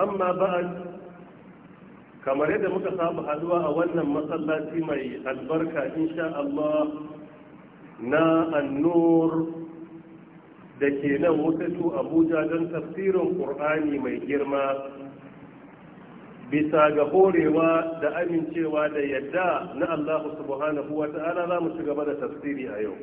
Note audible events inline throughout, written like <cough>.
amma ba'an, kamar yadda muka samu haduwa a wannan masallaci mai albarka insha Allah na annur da ke nan wasatu abuja don tafsirin ƙur'ani mai girma bisa ga horewa da amincewa da yadda na Allah subhanahu wa ta'ala za mu ci gaba da tafsiri a yau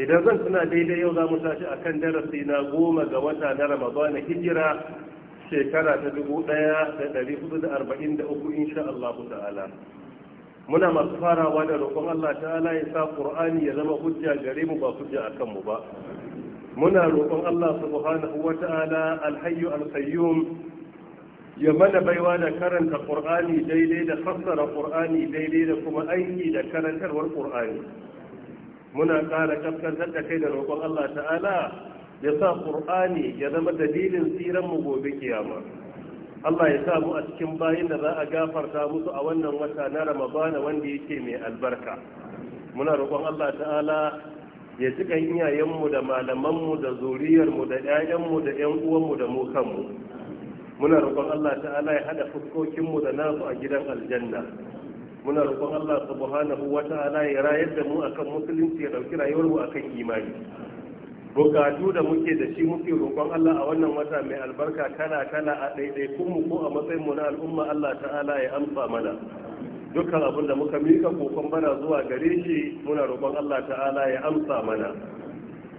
idan zan tuna daidai yau za mu tashi kan darasi na goma ga wata na ramadana hijira shekara ta 1443 insha Allah ta'ala muna masu farawa da roƙon Allah ta'ala ya sa Qur'ani ya zama hujja gare mu ba hujja akan mu ba muna roƙon Allah subhanahu ta'ala al-hayyu al-qayyum ya mana baiwa da karanta Qur'ani daidai da fassara Qur'ani daidai da kuma aiki da karantarwar Qur'ani muna ƙara kafkan da kai da roƙon Allah ta'ala ya sa ƙur'ani ya zama dalilin tsiran mu gobe kiyama Allah ya sa mu a cikin bayin da za a gafarta musu a wannan wata na Ramadana wanda yake mai albarka muna roƙon Allah ta'ala ya ji kan iyayenmu da malamanmu da zuriyarmu da 'ya'yanmu da 'yan da mu kanmu muna roƙon Allah ta'ala ya hada fuskokinmu da nasu a gidan aljanna muna roƙon Allah subhanahu Ta'ala ya rayar da mu akan musulunci ya ɗauki rayuwarmu akan imani bukatu da muke da shi muke roƙon Allah a wannan wata mai albarka kala kala a ɗaiɗaikun mu ko a matsayin mu na al'umma Allah ta'ala ya amsa mana dukkan abin da muka mika kokon bana zuwa gare shi muna roƙon Allah ta'ala ya amsa mana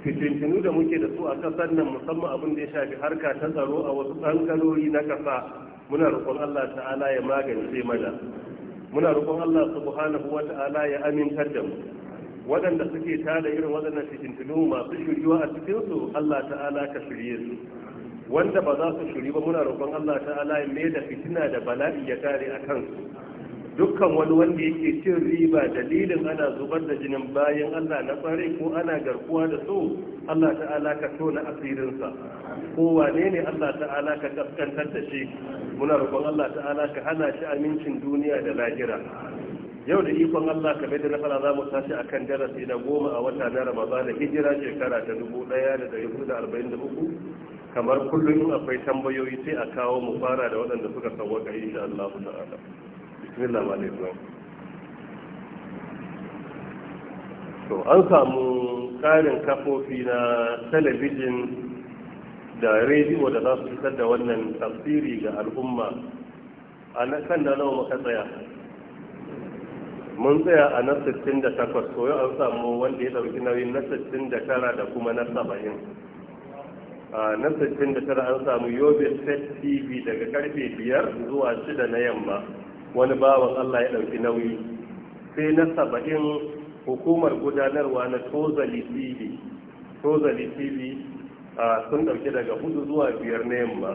fitintinu da muke da su a kasar nan musamman abin da ya shafi harka ta tsaro a wasu ɗangarori na ƙasa muna roƙon Allah ta'ala ya magance mana muna roƙon Allah subhanahu wa ta'ala ya amintar da mu waɗanda suke tada irin waɗannan fitintunu masu shiriwa a cikinsu Allah ta'ala ka shirye su wanda ba za su shiri ba muna roƙon Allah ta'ala ya mai da fitina da bala'i ya kare a kansu dukkan wani wanda yake cin riba dalilin ana zubar da jinin bayan Allah na tsare ko ana garkuwa da su Allah ta'ala ka tona asirinsa ko wane ne Allah ta'ala ka kaskantar da shi muna roƙon Allah ta'ala ka hana shi amincin duniya da lahira yau da ikon Allah bai da na fara za mu tashi a kan darasi na goma a wata na Ramadan da hijira shekara ta dubu ɗaya da ɗari hudu da arba'in da uku kamar kullum akwai tambayoyi sai a kawo mu fara da waɗanda suka yi insha Allah ta'ala bismillah to an samu ƙarin kafofi na talabijin da rediyo da za su fitar da wannan tafsiri ga al'umma a kan da nawa muka tsaya mun tsaya a na 68 koyo an samu wanda ya ɗauki nauyin na 69 da kuma na 70 a na 69 an samu yobe set tv daga karfe 5 zuwa 6 na yamma wani bawan allah ya ɗauki nauyi sai na 70 hukumar gudanarwa na tozali tv tozali tv sun ɗauki daga 4 zuwa 5 na yamma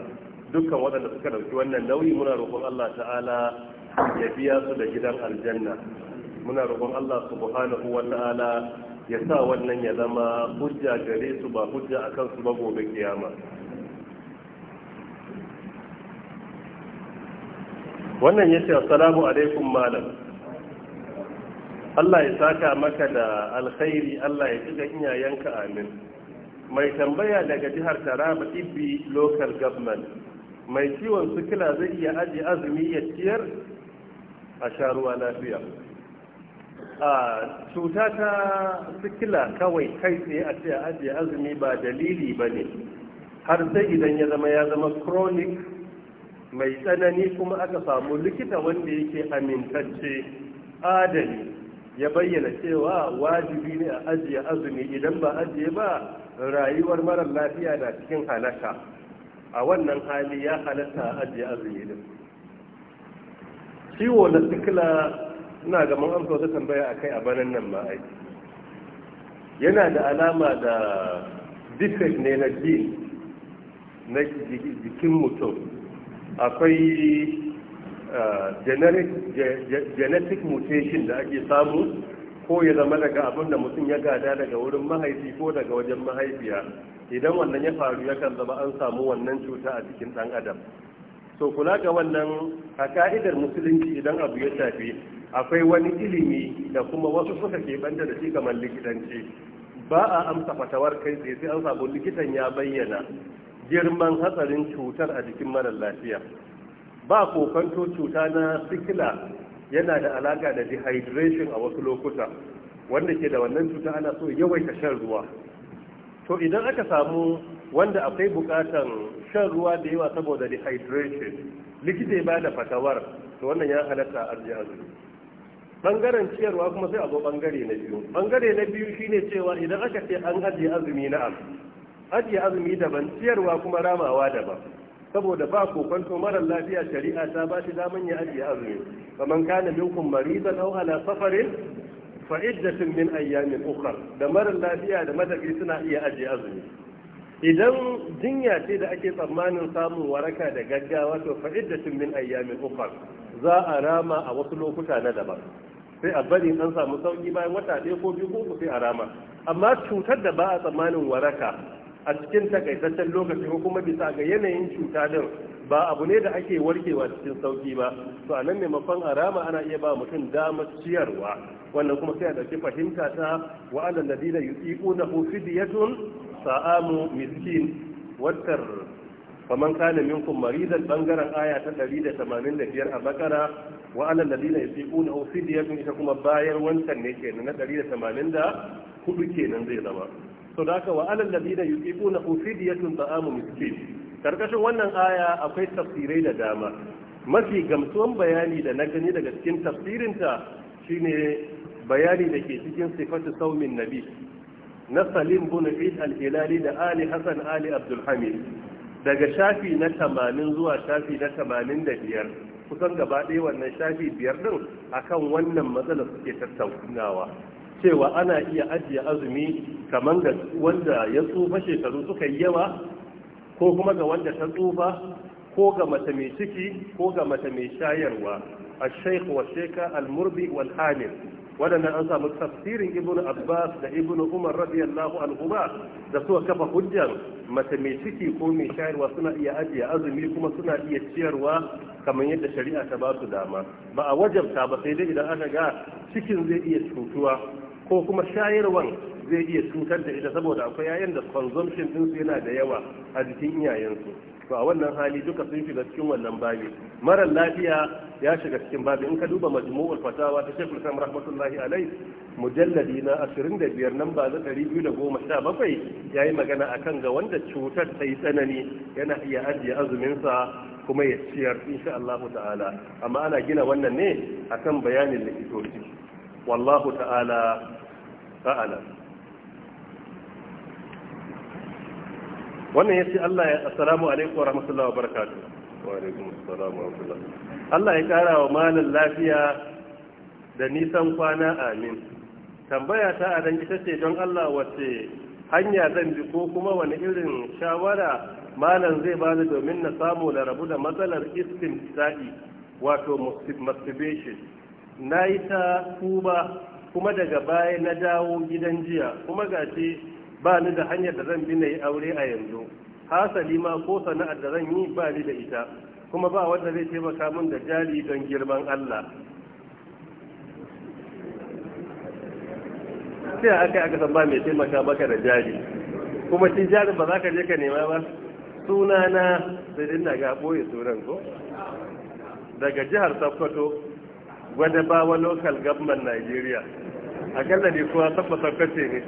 dukkan waɗanda suka ɗauki wannan nauyi muna roƙon allah ta'ala ya biya su da gidan aljanna muna roƙon Allah subhanahu wa ta'ala ya sa wannan ya zama hujja gare su ba hujja a kansu ba gobe kiyama wannan ya ce assalamu alaikum malam Allah ya saka maka da alkhairi Allah ya jiga iyayenka amin mai tambaya daga jihar Taraba Ibbi local government mai ciwon sikila zai iya aji azumi ya ciyar a sharuwa lafiya cuta ta sikila kawai kai tsaye a ce ajiye azumi ba dalili ba ne har sai idan ya zama ya zama chronic mai tsanani kuma aka samu likita wanda yake amintacce adali ya bayyana cewa wajibi ne a ajiye azumi idan ba ajiye ba rayuwar marar lafiya na cikin halaka a wannan hali ya halatta ajiye azumi din ciwo na sikila suna ga mun amsa wata tambaya akai a banan nan ma ai yana da alama da defect ne na gene na jikin mutum akwai eh, genetic mutation da ake samu ko ya zama daga abin da mutum ya gada daga wurin mahaifi ko daga wajen mahaifiya idan wannan ya faru yakan zama an samu wannan cuta a cikin ɗan adam To kula ga wannan a ka'idar musulunci idan abu ya shafi akwai wani ilimi da kuma wasu suka banda da shi kamar likitanci ba a amsa fatawar kai tsaye sai an samu likitan ya bayyana girman hatsarin cutar a jikin marar lafiya ba kokanto cuta na sikila yana da alaka da dehydration a wasu lokuta wanda ke da wannan cuta ana so yawaita shan ruwa to idan aka samu wanda akwai bukatan shan ruwa da yawa saboda dehydration likita ya ba da fatawar to wannan ya halatta a azumi bangaren ciyarwa kuma sai a zo bangare na biyu bangare na biyu shine cewa idan aka ce an ajiye azumi na abu ajiye azumi daban ciyarwa kuma ramawa daban saboda ba kokonto marar lafiya shari'a ta ba shi daman ya ajiye azumi man kana minkum maridan aw ala safarin fa iddatun min ayyamin ukhra da marar lafiya da madafi suna iya ajiye azumi idan jinya ce da ake tsammanin samun waraka da gaggawa to fa iddatun min ayyamin ukhra za a rama a wasu lokuta na daban sai a bari an samu sauki bayan wata ɗaya ko biyu ko sai a rama amma cutar da ba a tsammanin waraka a cikin takaitaccen lokaci ko kuma bisa ga yanayin cuta din ba abu ne da ake warkewa cikin sauki ba to anan maimakon a rama ana iya ba mutum damar ciyarwa wannan kuma sai a ɗauki fahimta ta wa alal ladina yuqiquna hu fidyatun sa'amu miskin watar faman kana minkum maridan bangaren aya ta 185 a bakara wa alal ladina yasiquna aw fidyatun ita kuma bayar wancan ne kenan na 184 kenan zai zama to da haka wa alal kuna yasiquna sun ba ta'amu miskin karkashin wannan aya akwai tafsirai da dama mafi gamsuwan bayani da na gani daga cikin tafsirinta shine bayani da ke cikin sifatu saumin nabi na salim bin eid al-hilali da ali hasan ali Abdulhamid. daga shafi na tamanin zuwa shafi na tamanin da biyar kusan gaba ɗaya wannan shafi biyar ɗin akan wannan matsala suke tattaunawa cewa ana iya ajiye azumi kamar da wanda ya tsufa shekaru suka yi yawa ko kuma ga wanda ta tsufa ko ga mace mai ciki ko ga mace mai shayarwa a shaikh wa al-murbi wal hamil waɗannan an samu tafsirin ibnu abbas da ibnu umar radiyallahu anhu da suka kafa hujjar mace mai ciki ko mai shayarwa suna iya ajiye azumi kuma suna iya ciyarwa kamar yadda shari'a ta ba su dama ba a wajabta ba sai dai idan aka ga cikin zai iya cutuwa ko kuma shayarwan zai iya cutar da ita saboda akwai yayin da consumption ɗinsu yana da yawa a jikin iyayensu to a wannan hali duka sun shiga cikin wannan babi marar lafiya ya shiga cikin babi in ka duba majmu'ul fatawa ta Sheikh Islam rahmatullahi alai mujalladi na 25 nan ba na 217 yayi magana akan ga wanda cutar ta yi tsanani yana iya ajiye azumin sa kuma ya ciyar insha Allah ta'ala amma ana gina wannan ne akan bayanin likitoci wallahu ta'ala ta'ala wannan ya ce Allah ya assalamu alaikum wa rahmatullahi wa barakatuh wa alaikum assalamu wa rahmatullahi Allah ya kara wa malin lafiya da nisan kwana amin tambaya ta a dan ita ce don Allah wace hanya zan bi ko kuma wani irin shawara malam zai bani domin na samu da rabu da matsalar sa'i, wato masturbation na yi ta tuba kuma daga baya na dawo gidan jiya kuma gashi ba ni da hanyar da zan bi na yi aure a yanzu hasali ma ko sana'ar da zan yi ba ni da ita kuma ba wanda zai taimaka min da jari don girman Allah sai aka aka san ba mai taimaka maka da jari kuma shi jarin ba za ka je ka nema ba Suna na, sai dinna ga boye sunan ko daga jihar Sokoto gwada bawa local government Nigeria akalla ne kuwa sabba Sokoto ne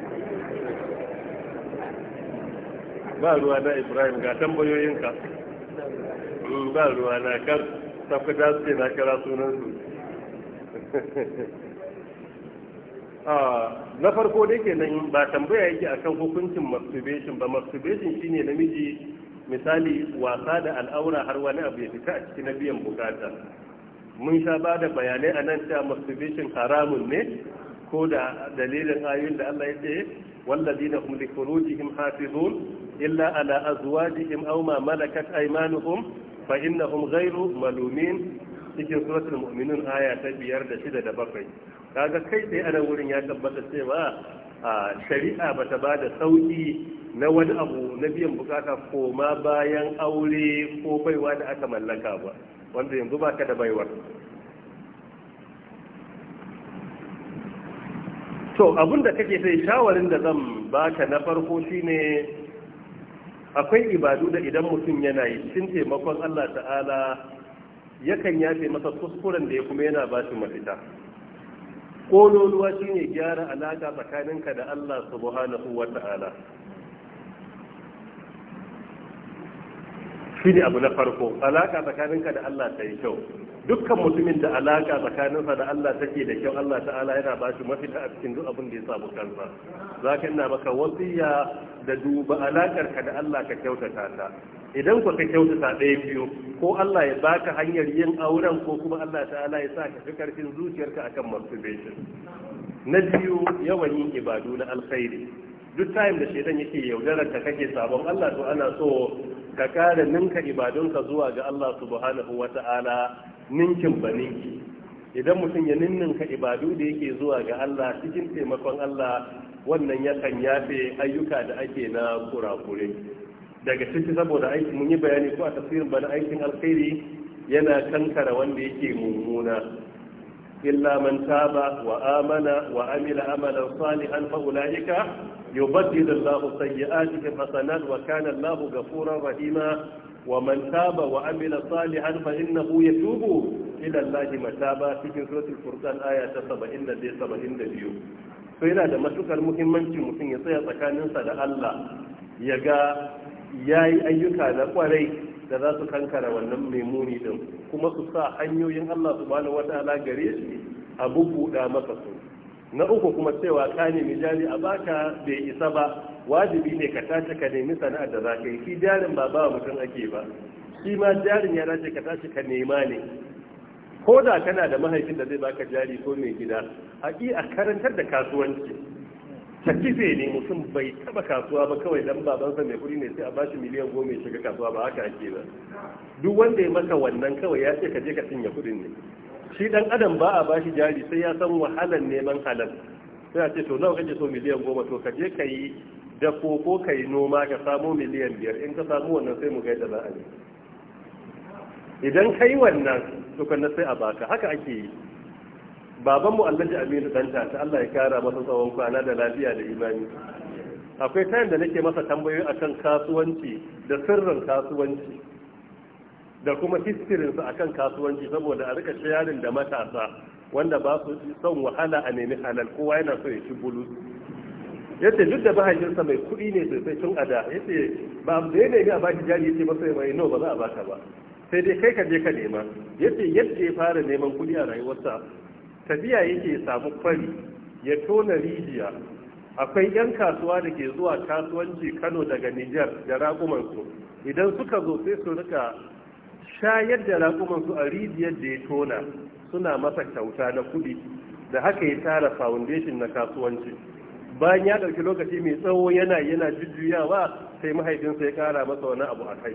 ba ruwa na ibrahim ga tambayoyinka mm, ba ruwa na kar tafi da suke na kira sunansu <laughs> ah, na farko dai kenan ba tambaya yake akan hukuncin masturbation ba masturbation shine namiji misali wasa da al'aura har wani abu ya fita a cikin biyan bukata mun sha ba da bayanai a nan cewa masturbation haramun ne ko da dalilin ayoyin da Allah ya ce والذين هم لفروجهم حافظون إلا على أزواجهم أو ما ملكت أيمانهم فإنهم غير ملومين cikin suratul mu'minun aya ta biyar da shida da bakwai kaga kai sai ana wurin ya tabbata cewa shari'a bata ta bada sauki na wani abu na biyan bukata koma bayan aure ko baiwa da aka mallaka ba wanda yanzu baka da baiwar to abinda kake sai shawarin da zan baka na farko shine akwai ibadu da idan mutum yana yi cikin taimakon Allah ta'ala yakan yafe masa kuskuren da ya kuma yana ba shi mafita ƙololuwa shine gyara alaka tsakaninka da Allah subhanahu wa ta'ala ne abu na farko alaka tsakaninka da Allah ta yi kyau dukkan mutumin da alaka tsakaninsa da Allah take da kyau Allah ta'ala yana ba shi mafita a cikin duk abin da ya samu kansa zaka ina maka wasiya da duba alakar ka da Allah ka kyautata ta idan ku ka kyautata ɗaya biyu ko Allah ya baka hanyar yin auren ko kuma Allah ta'ala ya sa ka fi karfin zuciyarka akan masturbation na biyu yawan yin ibadu na alkhairi duk time da shedan yake yaudarar ka kake sabon Allah to ana so ka ƙara ninka ibadunka zuwa ga Allah subhanahu wa ta'ala ninkin ba idan mutum ya ninninka ibadu da yake zuwa ga Allah cikin taimakon Allah wannan yakan yafe ayyuka da ake na kurakure daga ciki saboda aiki mun yi bayani ko a tafsirin bana aikin alkhairi yana kankara wanda yake mummuna illa man taba wa amana wa amila amalan salihan fa ulaika yubaddilu Allahu sayyi'atihim hasanat wa kana Allahu ghafuran rahima wa man taba wa amila salihan fa innahu yatubu ila Allahi mataba cikin suratul furqan aya ta 71 72 to yana da matukar muhimmanci mutum ya tsaya tsakaninsa da Allah ya ga yayi ayyuka na kwarai da za su kankara wannan mai muni din kuma su sa hanyoyin Allah su subhanahu wataala gare shi a bubuɗa masa su na uku kuma cewa ka nemi jari a baka bai isa ba wajibi ne ka tashi ka nemi sana'ar da za ka yi shi jarin ba ba mutum ake ba shi ma jarin ya dace ka tashi ka nema ne ko da kana da mahaifin da zai baka jari ko mai gida haƙi a karantar da kasuwanci ta kife ne mutum bai taba kasuwa ba kawai dan babansa mai kuɗi ne sai a bashi miliyan goma ya shiga kasuwa ba haka ake ba duk wanda ya maka wannan kawai ya ce ka je ka cinye kuɗin ne shi dan adam ba a bashi jari sai ya san wahalan neman halal sai a ce to nawa kake so miliyan goma to ka je ka yi da koko ka yi noma ka samo miliyan biyar in ka samu wannan sai mu ga yadda za a yi idan ka yi wannan tukunna sai a baka haka ake yi baban mu alhaji aminu danta ta Allah ya kara masa tsawon kwana da lafiya da imani akwai tayin da nake masa tambayoyi akan kasuwanci da sirrin kasuwanci da kuma su akan kasuwanci saboda a rika shayarin da matasa wanda ba su son wahala a nemi halal kowa yana so ya ci bulu yace duk da mahaifinsa mai kuɗi ne sosai tun ada. yace ba da ya ga baki jari yace sai mai no ba za a baka ba sai dai kai ka je ka nema yace yadda ya fara neman kuɗi a rayuwarsa tafiya yake samu fari ya tona rijiya akwai 'yan kasuwa da ke zuwa kasuwanci kano daga nijar da raƙumansu idan suka zo sai su rika shayar da raƙumansu a rijiyar da ya tona suna masa kyauta na kuɗi da haka ya tara foundation na kasuwanci bayan ya ɗauki lokaci mai tsawo yana yana jujjuyawa sai mahaifinsa ya ƙara masa wani abu a kai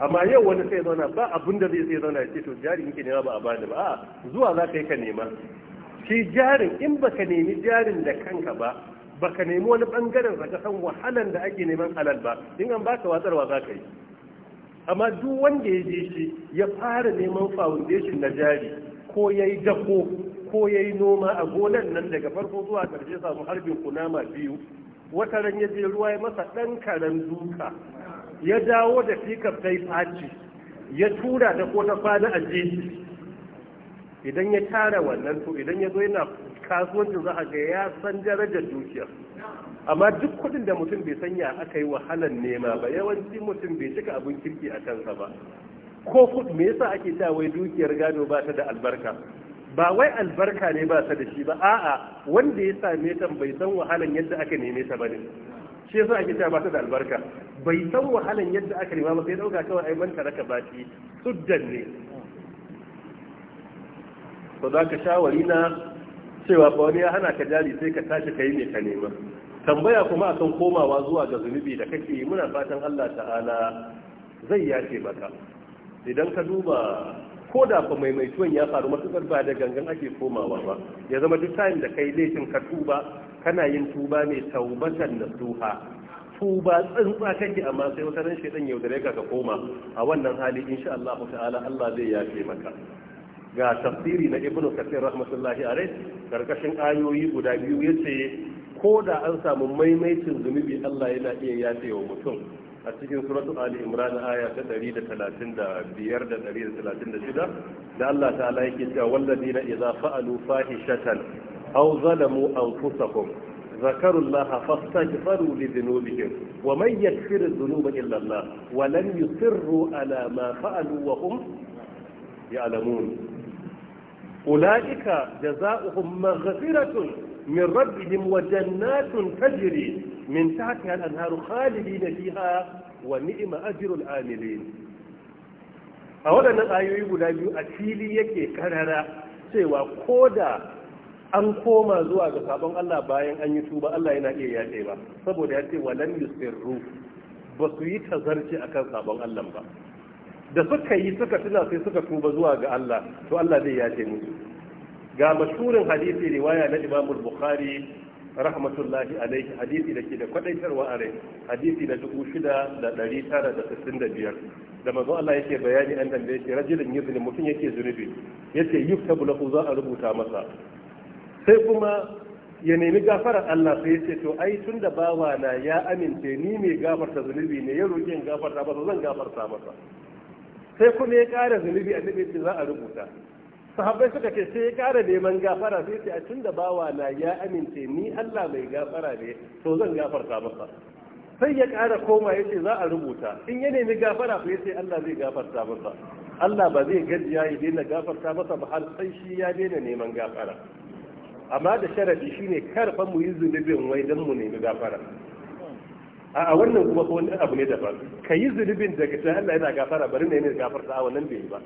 amma yau wani sai zauna ba abin da zai zauna ya ce to jari yake nema ba a bani ba a zuwa za ka yi ka nema shi jarin in ba ka nemi jarin da kanka ba ba ka nemi wani bangaren ka san wahalan da ake neman halal ba in an baka watsarwa za ka yi amma duk wanda ya je shi ya fara neman foundation na jari ko ya yi dako ko ya yi noma a gonar nan daga farko zuwa karshe samu harbin kunama biyu wata ran ya je ruwa ya masa ɗan karen duka ya dawo da fikar ta yi faci ya tura da ko ta kwana a jeji idan ya tara wannan to idan ya zo yana kasuwancin za a ga ya san darajar dukiyar amma duk kudin da mutum bai sanya aka yi wahalar nema ba yawanci mutum bai cika abin kirki a kansa ba ko kudin me yasa ake ta wai dukiyar gado ba ta da albarka ba wai albarka ne ba ta da shi ba a'a wanda ya same ta bai san wahalan yadda aka neme ta ba ne shi yasa ake cewa ba ta da albarka bai san wahalan yadda aka nema ba sai dauka kawai ai manta raka baki suddan ne to za ka shawari na cewa ba wani ya hana ka jari sai ka tashi ka yi ne ka nema tambaya kuma akan komawa zuwa ga zunubi da kake yi muna fatan Allah ta'ala zai yace maka idan ka duba ko da fa maimaituwan ya faru matukar ba da gangan ake komawa ba ya zama duk time da kai laifin ka tuba kana yin tuba mai taubatan nasuha tuba tsantsa kake amma sai wata ran shedan da ka ka koma a wannan hali insha Allah ta'ala Allah zai yafe maka ga tafsiri na ibnu Kathir rahmatullahi alaih karkashin ayoyi guda biyu yace ko da an samu maimaitin zunubi Allah yana iya yafe wa mutum a cikin suratul ali imran aya ta 135 da 136 da Allah ta'ala yake cewa walladina idza fa'alu fahishatan aw zalamu anfusahum ذكروا الله فاستغفروا لذنوبهم ومن يغفر الذنوب إلا الله ولم يصروا على ما فعلوا وهم يعلمون أولئك جزاؤهم مغفرة من ربهم وجنات تجري من تحتها الأنهار خالدين فيها ونعم أجر العاملين أولا الآية يقول أفيلي يكي كرر سوى كودا an koma zuwa ga sabon Allah bayan an yi tuba Allah yana iya yaɗe ba saboda ya ce walan yusirru ba su yi tazarci akan sabon Allah ba da suka yi suka tuna sai suka tuba zuwa ga Allah to Allah zai yaɗe musu ga mashhurin hadisi riwaya na Imam Bukhari rahmatullahi alaihi hadisi da ke da kwadaitarwa a rai hadisi da dubu da biyar da manzo Allah yake bayani an dambe yake rajulun yuzni mutum yake zunubi yace yuktabu lahu za a rubuta masa sai kuma ya nemi gafarar Allah sai ce to ai tun da bawa na ya amince ni mai gafarta zunubi ne ya roƙi gafarta ba zan gafarta masa sai kuma ya ƙara zunubi a annabi ce za a rubuta sahabbai suka ce sai ya ƙara neman gafara sai ce a tun da bawa na ya amince ni Allah mai gafara ne to zan gafarta masa sai ya ƙara koma ya ce za a rubuta in ya nemi gafara sai ce Allah zai gafarta masa Allah ba zai gajiya ya daina gafarta masa ba har sai shi ya daina neman gafara amma da sharadi shine karfa mu yi zunubin wai dan mu nemi gafara a wannan kuma ko wani abu ne daban ka yi zunubin daga sai Allah yana gafara bari ne ne gafarta a wannan bai ba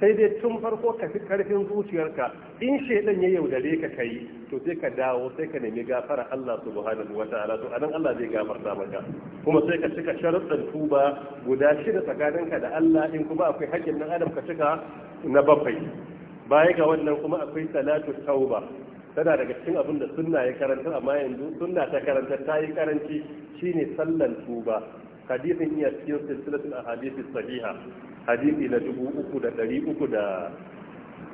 sai dai tun farko ka fi karfin zuciyarka in shaidan ya yaudare ka kai to sai ka dawo sai ka nemi gafara Allah subhanahu wa ta'ala to anan Allah zai gafarta maka kuma sai ka cika sharuɗan tuba guda shida tsakaninka da Allah in kuma akwai haƙƙin nan adam ka cika na bakwai baya ga wannan kuma akwai salatu tauba tana daga cikin abin da sunna ya karantar amma yanzu sunna ta karantar ta yi karanci shine sallan tuba hadisin iya cikin silsilatul ahadisi sahiha hadisi na dubu uku da dari uku da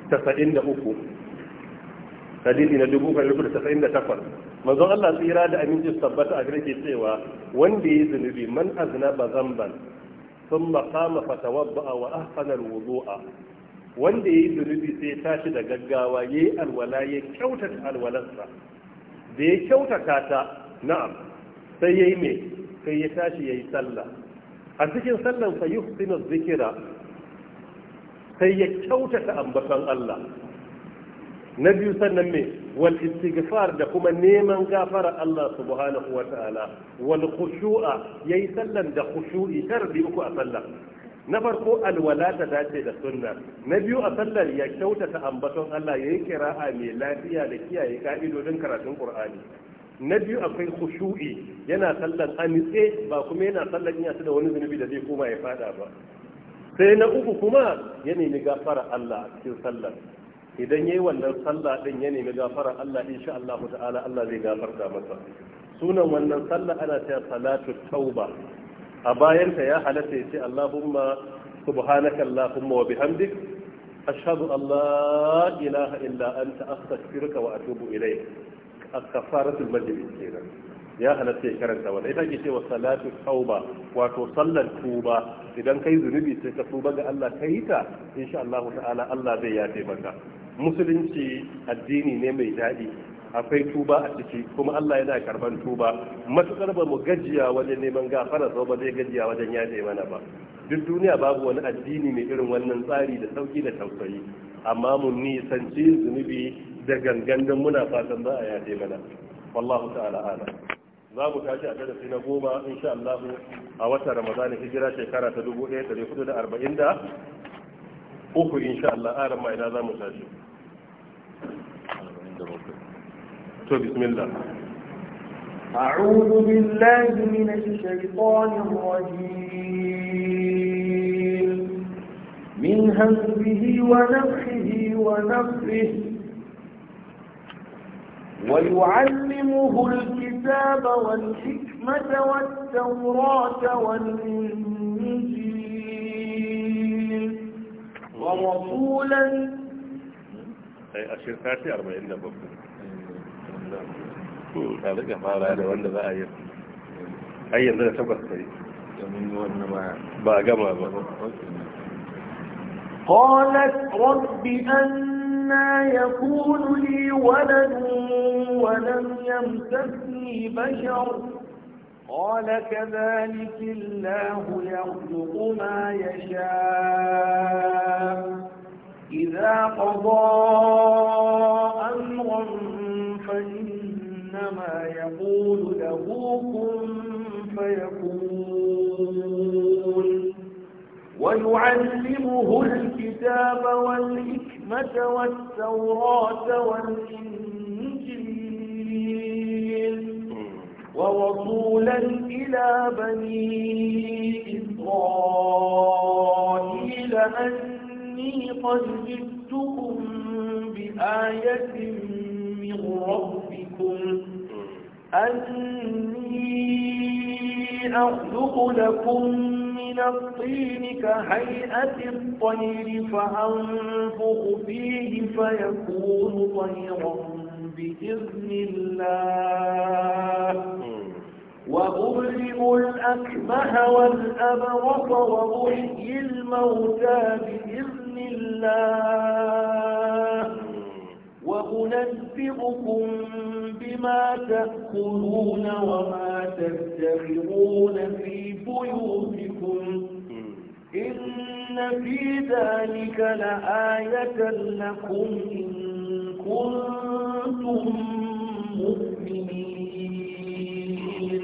tasa'in da uku hadisi na dubu uku da tasa'in da takwas manzon Allah tsira da aminci tabbata a garke cewa wanda ya zunubi man azna ba zamban ثم قام wa وأحسن الوضوء wanda ya yi zunubi sai ya tashi da gaggawa ya yi alwala ya kyautata alwalansa. da ya kyautata ta na'am sai ya yi mai sai ya tashi ya yi sallah a cikin sallan fa yuhsinu zikira sai ya kyautata ambaton Allah na biyu sannan mai wal istighfar da kuma neman gafara Allah subhanahu wa ta'ala wal khushu'a yayi sallan da khushu'i tarbi uku a sallah na farko alwala ta dace da sunna na biyu a sallar ya kyautata ambaton Allah ya yi kira'a mai lafiya da kiyaye ka'idodin karatun Qur'ani na biyu akwai khushu'i yana sallar anitse ba kuma yana sallar ina da wani zunubi da zai koma ya fada ba sai na uku kuma ya nemi gafara Allah a cikin sallar idan yayi wannan sallah din ya nemi gafara Allah insha Allah ta'ala Allah zai gafarta masa sunan wannan sallah ana cewa salatu tauba a bayanta ya halatta ya ce Allahumma subhanaka Allahumma wa bihamdik ashhadu an la ilaha illa anta astaghfiruka wa atubu ilayk kafaratul majlis kenan ya halatta ya karanta wannan ita ce cewa salatu tauba wato sallar tuba idan kai zunubi sai ka tuba ga Allah kai ta insha Allah ta'ala Allah zai yafe maka musulunci addini ne mai daɗi akwai tuba a ciki kuma Allah yana karban tuba matukar ba mu gajiya wajen neman gafara sau ba zai gajiya wajen yaje mana ba duk duniya babu wani addini mai irin wannan tsari da sauki da tausayi amma mun nisanci zunubi da gangan don muna fatan za a yaje mana wallahu ta'ala ala za mu tashi a darasi na goma insha Allah a watan Ramadan hijira shekara ta 1440 uku insha Allah aran ina za mu tashi بسم الله أعوذ بالله من الشيطان الرجيم من همزه ونفخه ونفخه ويعلمه الكتاب والحكمة والتوراة والإنجيل ورسولا أي أشركاتي أربعين بابا da ba قالت رب أنا يكون لي ولد ولم يمسكني بشر قال كذلك الله يرزق ما يشاء إذا قضى أمرا وإنما يقول له كن فيكون ويعلمه الكتاب والحكمة والتوراة والإنجيل ووصولا إلى بني إسرائيل أني قد جئتكم بآية من ربكم أني أخلق لكم من الطين كهيئة الطير فأنفق فيه فيكون طيرا بإذن الله وأبرئ الأكمه والأبرص وأحيي الموتى بإذن الله وأنبئكم بما تأكلون وما تدخرون في بيوتكم إن في ذلك لآية لكم إن كنتم مؤمنين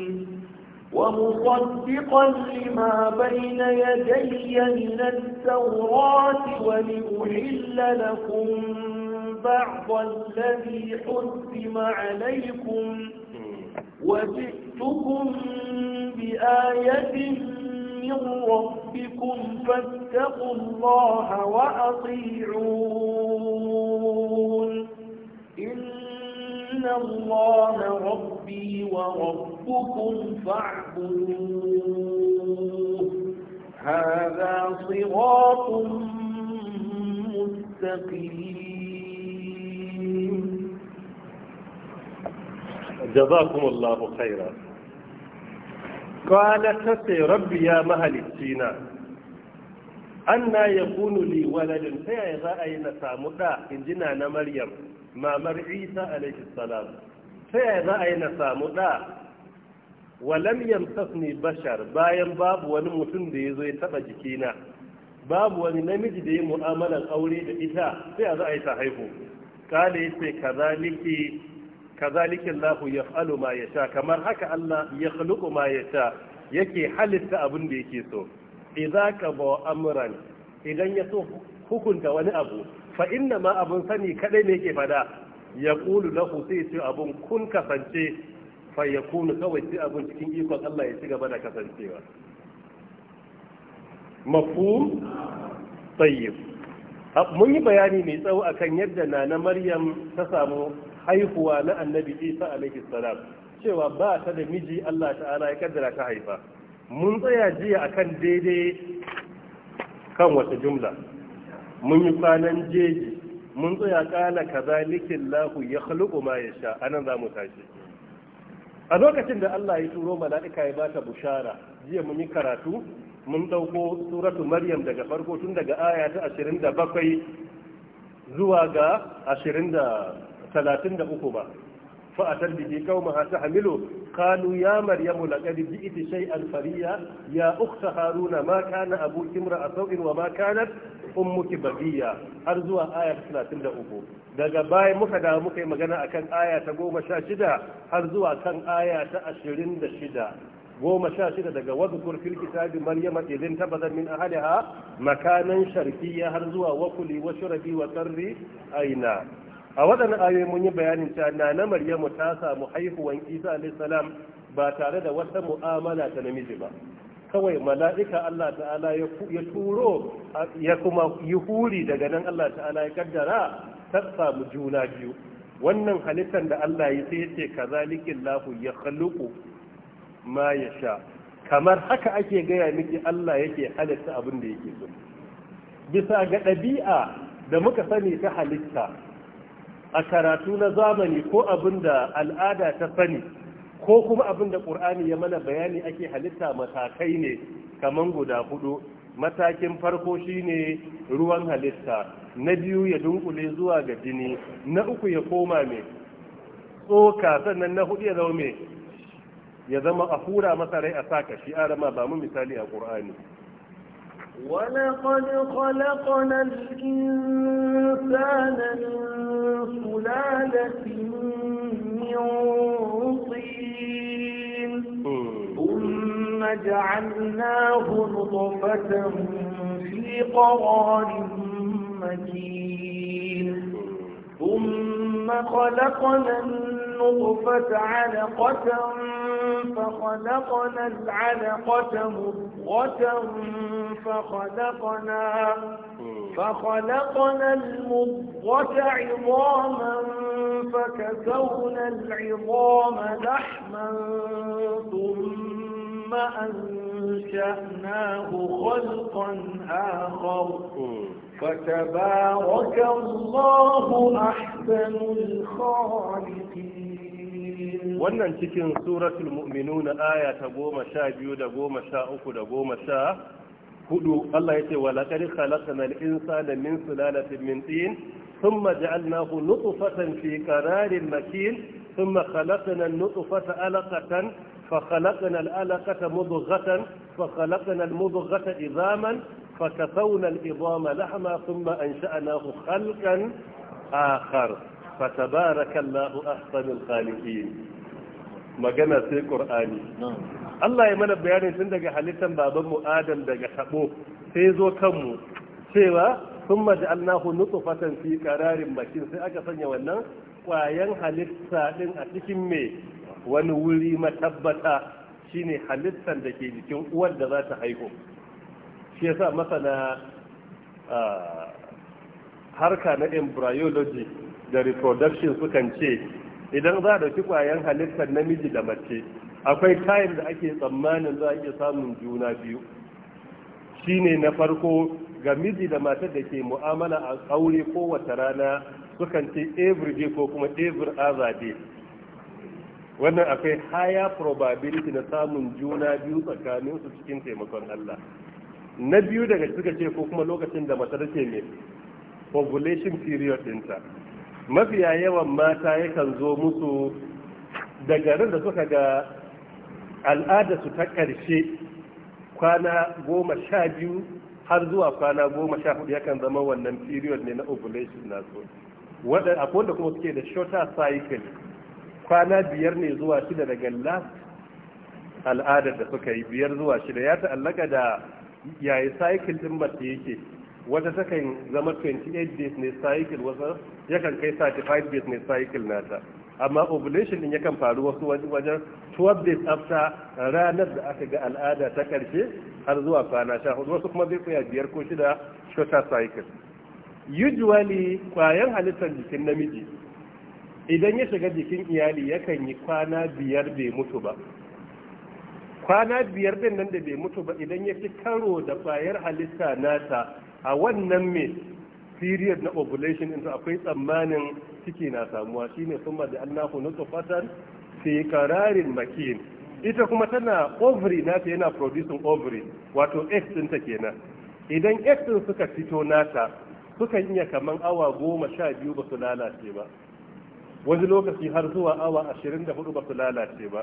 ومصدقا لما بين يدي من التوراة ولأحل لكم بعض الذي حزم عليكم وجئتكم بآية من ربكم فاتقوا الله وأطيعون إن الله ربي وربكم فاعبدوه هذا صراط مستقيم jazakumullahu khaira qala tace rabbi ya mahalicci na. anna yakunu li waladun ta yaya za a yi na samu da injina na maryam mamar isa alaihi salam ta yaya za a yi na samu da walam yamtasni bashar bayan babu wani mutum da ya zo ya taba jikina babu wani namiji da ya mu'amalan aure da ita sai a za a yi ta haihu kala yace kazaliki kazalikin lahu ya fa'alu ma ya sha kamar haka Allah ya khluqu ma ya sha yake halitta abin da yake so ka qada amran idan ya so hukunta wani abu fa inna ma abun sani kadai ne yake fada ya qulu lahu sai ce abun kun kasance fa yakunu kawai sai abun cikin ikon Allah ya ci gaba da kasancewa mafhum tayyib mun yi bayani mai tsawo akan yadda na na Maryam ta samu haihuwa na annabi isa alaihi salam cewa ba ta da miji Allah ta'ala ya kaddara ta haifa mun tsaya jiya akan daidai kan wata jumla mun yi kwanan jeji mun tsaya kala kazalikin lahu ya khluqu ma a anan za mu tashi a lokacin da Allah ya turo mala'ika ya bata bushara jiya mun yi karatu mun ɗauko suratu maryam daga farko tun daga aya ta 27 zuwa ga talatin da uku ba فأتت به قومها تحمله قالوا يا مريم لقد جئت شيئا فريا يا أخت هارون ما كان أبوك امرأ سوء وما كانت أمك بغيا talatin da uku daga baya muka da muka yi magana a kan aya ta goma sha shida har zuwa kan aya ta ashirin da shida goma sha shida daga wasu kurfin kitabi maryama idin tabbatar min ahaliha makanan sharfiya har zuwa wakuli wa shurabi wa karri aina a waɗannan ayoyi mun yi bayanin cewa nana maryamu ta samu haihuwan isa alayhi salam ba tare da wata mu'amala ta namiji ba kawai mala'ika Allah ta'ala ya turo ya kuma yi huri daga nan Allah ta'ala ya kaddara ta samu juna biyu wannan halittar da Allah ya sai ce kazalikin lahu ya khaluqu ma yasha kamar haka ake gaya miki Allah yake halitta abin da yake so bisa ga ɗabi'a da muka sani ta halitta a karatu na zamani ko abin da al'ada ta sani ko kuma abin da ƙur'ani ya mana bayani ake halitta matakai ne kaman guda hudu matakin farko shine ruwan halitta na biyu ya dunkule zuwa ga jini na uku ya koma mai tsoka sannan na hudu ya zama mai ya zama a hura masarai a sa kashi arama ba mu misali a ƙur'ani ولقد خلقنا الإنسان من سلالة من طين ثم جعلناه نطفة في قرار مكين ثم خلقنا النطفة علقة فخلقنا العلقة مضغة فخلقنا فخلقنا المضغة عظاما فكسونا العظام لحما ثم أنشأناه خلقا آخر فتبارك الله أحسن الخالقين wannan cikin suratul mu'minun aya ta goma sha biyu da goma sha uku da goma sha hudu Allah ya ce wa laqad khalaqnal insana min sulalatin min tin thumma ja'alnahu nutfatan fi qararin makin thumma khalaqna nutfata alaqatan فخلقنا الألقة مضغة فخلقنا المضغة إظاما فكسونا العظام لحما ثم أنشأناه خلقا آخر فتبارك الله أحسن الخالقين magana sai ƙur'ani Allah ya mana bayani tun daga halittar babanmu Adam daga tabo sai zo kanmu cewa sun maja'alnahu nutfatan fi qararin makin sai aka sanya wannan kwayan halitta din a cikin me wani wuri matabbata shine halittar da ke jikin uwar da za ta haihu shi yasa masana harka na embryology da reproduction sukan ce idan za a dauki kwayan halittar namiji da mace akwai time da ake tsammanin za a iya samun juna biyu shine na farko ga miji da matar da ke mu'amala a aure kowace rana sukan ce every day ko kuma every other day wannan akwai higher probability na samun juna biyu tsakaninsu cikin taimakon Allah na biyu daga suka ce ko kuma lokacin da matar ce mai ovulation period dinta mafiya yawan mata yakan zo musu daga ran da suka ga al'ada su ta ƙarshe kwana goma sha biyu har zuwa kwana goma sha hudu yakan zama wannan period ne na ovulation so wadda akwai wanda kuma suke da shorter cycle kwana biyar ne zuwa shida daga last al'adar da suka yi biyar zuwa shida ya ta'allaka da yayi cycle din mace yake wata takan zama 28 days ne cycle wasu yakan kai 35 days ne cycle nata amma ovulation din yakan faru wasu wajen 12 days after ranar da aka ga al'ada ta karshe har zuwa kwana 14 wasu kuma zai tsaya biyar ko shida shorter cycle usually kwayan halittar jikin namiji idan ya shiga jikin iyali yakan yi kwana biyar bai mutu ba kwana biyar din nan da bai mutu ba idan ya fi karo da bayar halitta nata a wannan mai period na ovulation inda akwai tsammanin ciki na samuwa shine sun da annahu fatan fi kararin makin ita kuma tana ovary nata yana producing ovary wato eggs ɗinta kenan idan X ɗin suka fito nata sukan iya kaman awa goma sha biyu ba su lalace ba wani lokaci har zuwa awa ashirin da hudu ba su lalace ba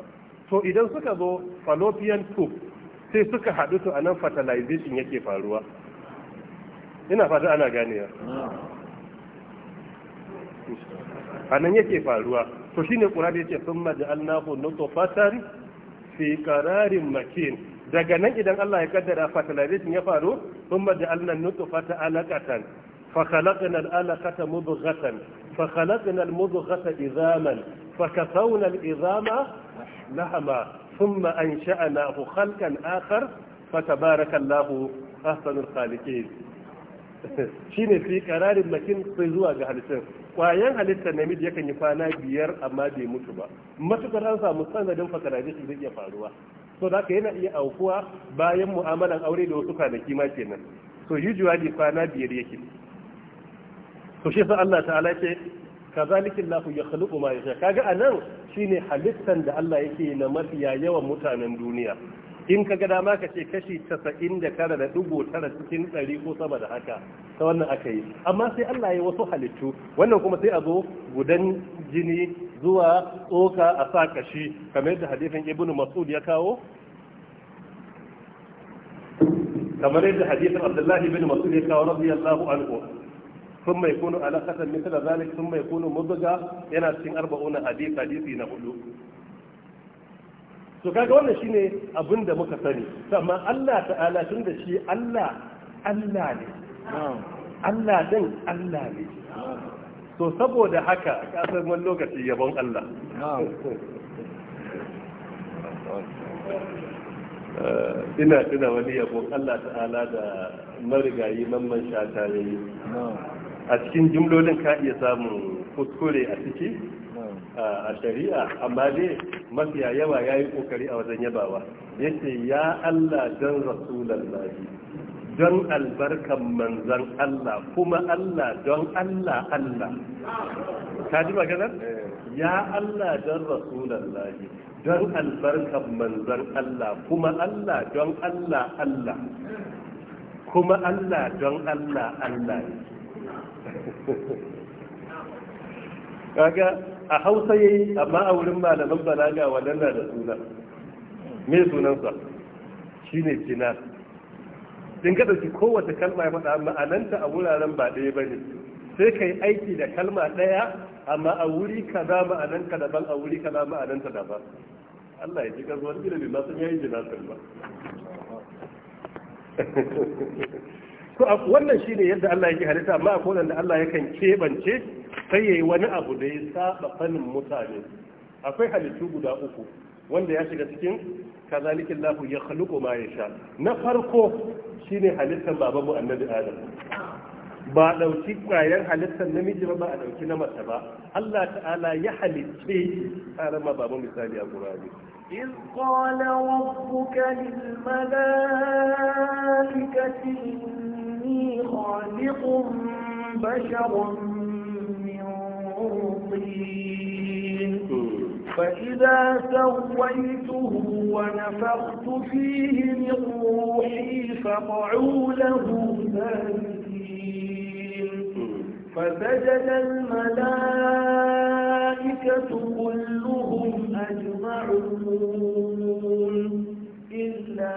to idan suka zo fallopian tube sai suka haɗu to anan fertilization yake faruwa ina fata ana ganewa anan yake faruwa to shine qur'ani yake summa ja'alnahu nutfatan fi qararin makin daga nan idan Allah ya kaddara fertilization ya faru summa ja'alna nutfata alaqatan فخلقنا الألقة مضغة فخلقنا المضغة إذاما فكسونا الإذام لحما ثم أنشأناه خلقا آخر فتبارك الله أحسن الخالقين shine fi kararin makin sai zuwa ga halittar kwayan halittar namiji yakan yi kwana biyar amma bai mutu ba matukar an samu sanadin fakaraje su zai iya faruwa so da yana iya aukuwa bayan mu'amalan aure da wasu kwanaki ma kenan so usually kwana biyar yake so shi sa Allah ta'ala ce kazalikin lafi ya khluqu ma yasha kaga anan ne halittar da Allah yake na mafiya yawan mutanen duniya in kaga dama ka ce kashi da tara cikin 100 ko sama da haka ta wannan aka yi amma sai Allah ya wasu halittu wannan kuma sai a zo gudan jini zuwa tsoka a sa kashi kamar yadda hadisin Ibn Mas'ud ya kawo kamar yadda hadifin abdullahi ibn Mas'ud ya kawo radiyallahu anhu ثم يكون علاقة مثل ذلك ثم يكون مضغة ينا cikin 40 hadith hadisi na hudu to kaga wannan shine abin da muka sani amma Allah ta'ala tun da shi Allah Allah ne Allah din Allah ne to saboda haka ka san wani lokaci yabon Allah ina tuna wani yabon Allah ta'ala da marigayi mamman shata yayi a cikin jumlolin ka iya samun kuskure a ciki a shari'a amma dai mafiya yawa ya yi kokari a wajen yabawa ya ce ya Allah don rasulan lahi don albarkan manzan Allah kuma Allah don Allah Allah ka ji maganar? ya Allah don rasulan lahi don albarkan manzan Allah kuma Allah don Allah Allah kuma Allah don Allah Allah ne kaga a hausa ya yi amma a wurin malaman balaga wannan na da suna me sunansa shine jinar in ka ɗauki kowace kalma ya faɗa ma'ananta a wuraren ba ɗaya ba ne sai ka yi aiki da kalma ɗaya amma a wuri za ma'ananta daban a wuri za ma'ananta daban Allah ya ji ƙarfi wani ilimi masu yayi jinasar ba <laughs> to wannan shine yadda Allah yake halitta amma akwai wanda Allah yakan kebance sai yayi wani abu da ya saba fannin mutane akwai halittu guda uku wanda ya shiga cikin kazalikin ya khluqu ma yasha na farko shine halittar babanmu annabi adam ba dauki kwayan halittar namiji ba ba a dauki na mace ba Allah ta'ala ya halicce tsarin ma misali a Qur'ani إذ قال ربك للملائكة خالق بشر من طين فإذا سويته ونفخت فيه من روحي فقعوا له ذاتين فسجد الملائكة كلهم أجمعون إلا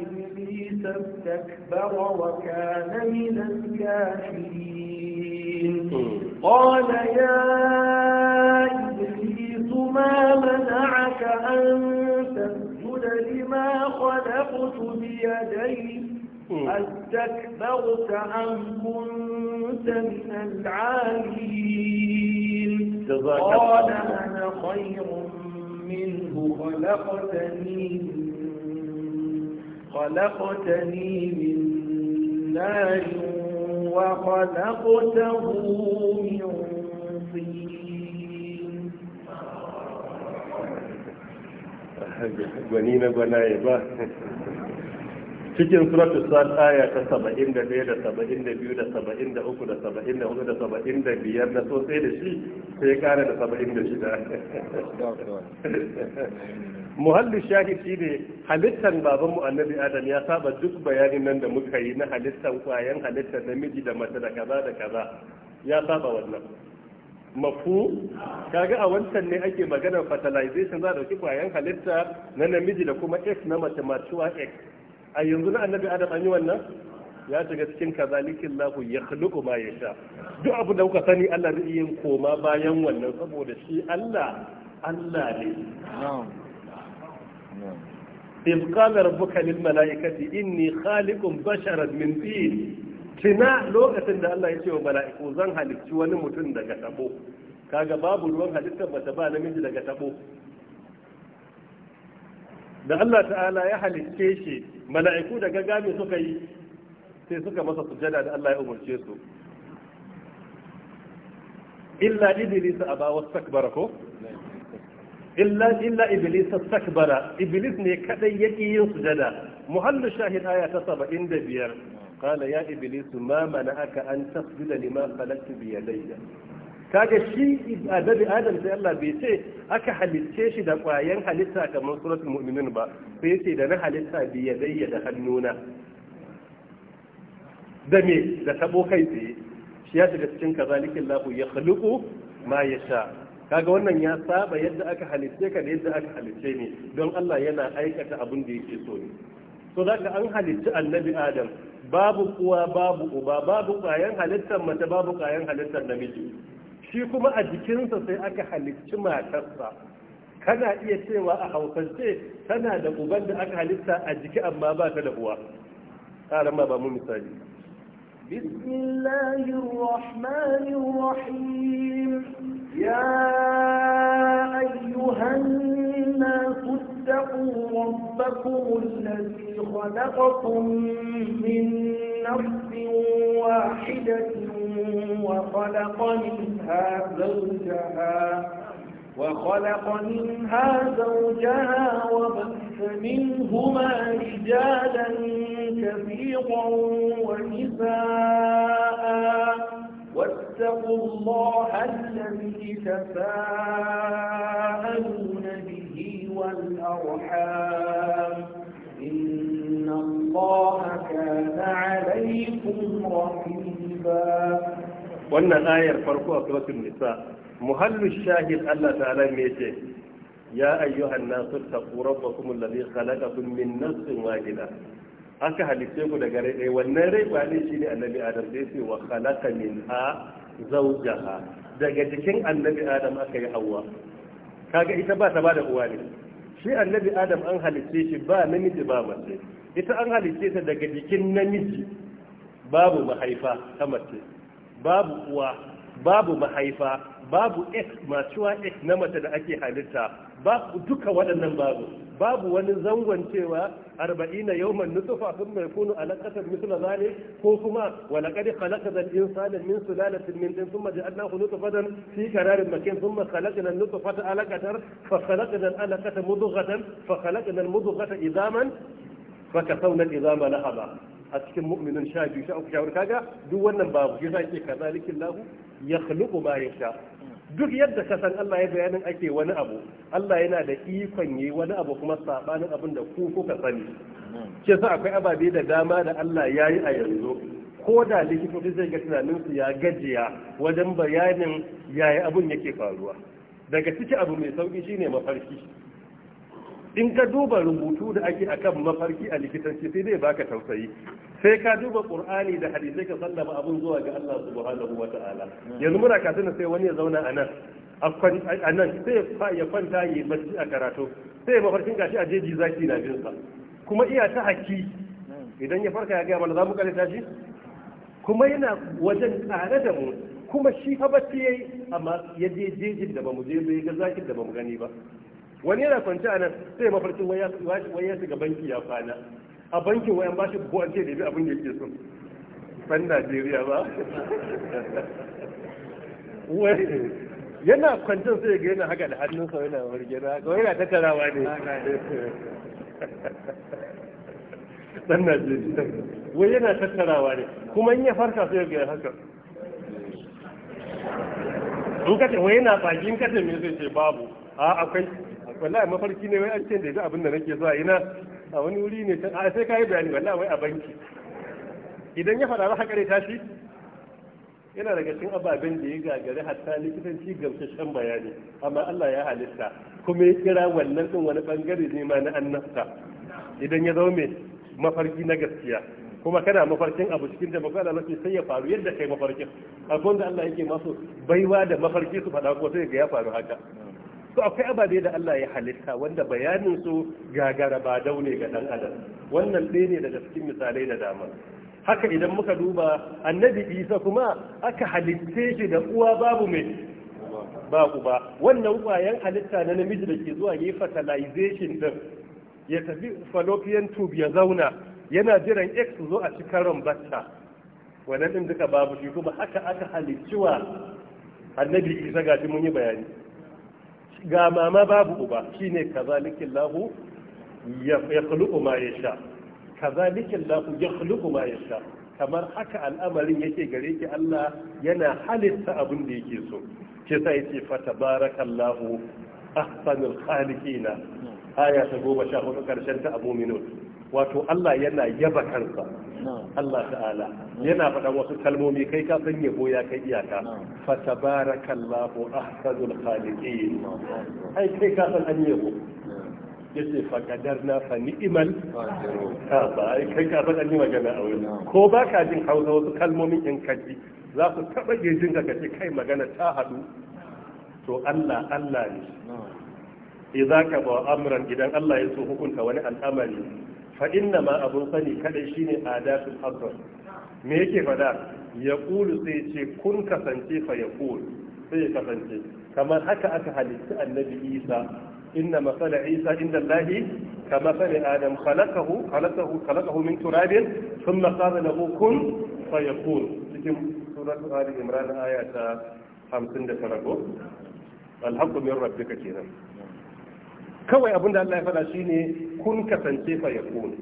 إبليس ابتكى استكبر وكان من الكافرين قال يا إبليس ما منعك أن تسجد لما خلقت بيدي أستكبرت أم كنت من العالين قال أنا خير منه خلقتني خلقتني من نار وخلقته من طين <laughs> gwanina gwanaye ba cikin suratul sad aya ta 71 da 72 da 73 da 74 da 75 na sosai da shi sai ya kara da 76 <laughs> muhallin shahid shi ne halittar baban mu annabi adam ya saba duk bayanin nan da muka yi na halittar kwayan halittar namiji da mace da kaza da kaza ya saba wannan mafu kaga a wancan ne ake maganar fertilization za a dauki kwayan halitta na namiji da kuma x na mace matuwa x a yanzu na annabi adam an yi wannan ya shiga cikin kazalikin lahu ya khluqu ma yasha duk abu da kuka sani Allah zai yin koma bayan wannan saboda shi Allah Allah ne إذ قال ربك للملائكة إني خالق بشرا من طين tuna lokacin da Allah ya ce wa mala'iku zan halicci wani mutum daga tabo kaga babu ruwan halittar mace ba namiji daga tabo da Allah ta'ala ya halicce shi mala'iku da gami suka yi sai suka masa sujada da Allah ya umarce su illa idris aba wastakbara ko illa illa iblis takbara iblis ne kadai yake yin sujada muhallu shahid aya ta 75 qala ya iblis ma mana'aka an tasjuda lima khalaqtu bi yadayya kaga shi annabi adam sai Allah bai ce aka halicce shi da kwayan halitta kamar suratul muminin ba sai ce da na halitta bi yadayya da hannuna da me da tabo kai tsaye shi ya shiga cikin kazalikin lahu ya khluqu ma yasha kaga wannan ya saba yadda aka halicce ka da yadda aka halicce ne don Allah yana aikata abin da yake so ne so zaka an halitta annabi adam babu kuwa babu uba babu kayan halittar mace babu kayan halittar namiji shi kuma a jikinsa sai aka halicci matarsa kana iya cewa a hausance tana da uban da aka halitta a jiki amma ba ta da uwa ƙaran ma ba mu misali bismillahir rahmanir rahim يا أيها الناس اتقوا ربكم الذي خلقكم من نفس واحدة وخلق منها زوجها وخلق منها زوجها وبث منهما رجالا كثيرا ونساء واتقوا الله الذي تساءلون به والأرحام إن الله كان عليكم رقيبا wannan ayar farko a suratul nisa muhallu shahid Allah ta'ala me yace ya ayyuhan nasu taqu rabbakum alladhi khalaqakum min nafsin wahida aka halitte ku daga rai ɗaya wannan rai ba ne shi shine annabi adam sai sai wa khalaqa ha? zaujaha daga jikin annabi adam aka yi hawa kaga ita ba ta ba da uwa ne shi annabi adam an halicce shi ba namiji ba mace ita an halicce ta daga jikin namiji babu mahaifa ta mace babu uwa babu mahaifa babu x matuwa x na mace da ake halitta babu duka waɗannan babu babu wani zangon cewa arba'ina yawman nutsufa sun mai kunu alaƙatar misla zane ko kuma wani wala kadi khalaqa dal insana min sulalatin min tin thumma ja'alnahu nutfatan fi qararin makin thumma khalaqna an-nutfata alaqatan fa khalaqna al-alaqata mudghatan fa khalaqna al-mudghata idhaman fa kasawna izama na lahaba a cikin muminin sha biyu sha uku sha kaga duk wannan babu shi sa yake kazalikin lahu ya khluqu ma yasha duk yadda ka san Allah ya bayanin ake wani abu Allah yana da ikon yi wani abu kuma sabanin abin da ku kuka sani ke sa akwai ababe da dama da Allah ya yi a yanzu ko da likitoci zai ga tunaninsu ya gajiya wajen bayanin yaya abun yake faruwa daga ciki abu mai sauki shine mafarki in ka duba rubutu da ake akan mafarki a likitanci sai zai baka tausayi sai ka duba qur'ani da hadisai ka sallama abun zuwa ga Allah subhanahu wataala yanzu muna katina sai wani ya zauna a nan a nan sai ya kwanta yi bacci a karatu sai mafarkin gashi a jeji zaki na bin sa kuma iya ta haki idan ya farka ya ga mana za kare tashi kuma yana wajen tare da mu kuma shi fa bacci yayi amma ya je jejin da bamu je ya ga zakin da bamu gani ba wani yana kwanci a nan sai mafarkin wai ya shiga banki ya kwana a bankin wayan ba shi buwan ce da bi abin da yake so ban najeriya ba yana kwancin sai ga yana haka da hannunsa yana wargina ga yana tattarawa ne dan najeriya wai yana tattarawa ne kuma in ya farka sai ga haka in kace wai yana baki in kace me zai ce babu a akwai wallahi mafarki ne wai an ce da abin da nake zuwa ina a wani wuri ne a sai kai bayani wallahi wai a banki idan ya faɗa haka kare tashi yana daga cikin ababen da ya gagari hatta likitanci gamsashen bayani amma Allah ya halitta kuma ya kira wannan din wani bangare ne ma na annabta idan ya zama mafarki na gaskiya kuma kana mafarkin abu cikin da magana mafi sai ya faru yadda kai mafarkin akwai da Allah yake masu baiwa da mafarki su faɗa ko sai ga ya faru haka so akwai ababe da Allah ya halitta wanda bayanin su gagara ba daune ga dan adam wannan ɗaya ne daga cikin misalai da dama haka idan muka duba annabi isa kuma aka halitta shi da uwa babu mai ba uba wannan kwayan halitta na namiji da ke zuwa yi fertilization din ya tafi fallopian tube ya zauna yana jiran x zo a ci karon batta wannan din duka babu shi kuma haka aka halicciwa annabi isa gaji mun yi bayani ga mama babu uba shine kazalikin lahu ya khluqu ma yasha kazalikin lahu ya khluqu ma yasha kamar haka al'amarin yake gare ki Allah yana halitta abin da yake so ke sa yace fa tabarakallahu ahsanul khaliqina aya ta goma sha hudu karshen ta abu minun wato Allah yana yaba kansa Allah ta'ala yana faɗa wasu kalmomi kai ka san yabo ya kai iyaka fa tabarakallahu ahsanul khaliqin ai kai ka san an yabo yace fa kadarna fa ni'mal ka ba ai kai ka san an yi magana a wurin ko ba ka jin hausa wasu kalmomin in kaji za ku taba jin ka kace kai magana ta haɗu. to Allah Allah ne idza ka ba amran idan Allah ya so hukunta wani al'amari fa inna ma abun sani kadai shine adatul afdal me yake fada ya kulu sai ce kun kasance fa ya kulu sai ya kasance kamar haka aka halitta annabi isa inna masala isa inda allahi kama sani adam khalaqahu khalaqahu khalaqahu min turabin thumma qala lahu kun fa yakun cikin suratul ali imran aya ta 59 ko alhaqqu min rabbika kenan kawai abinda Allah ya faɗa shine kun kasance fa ya kun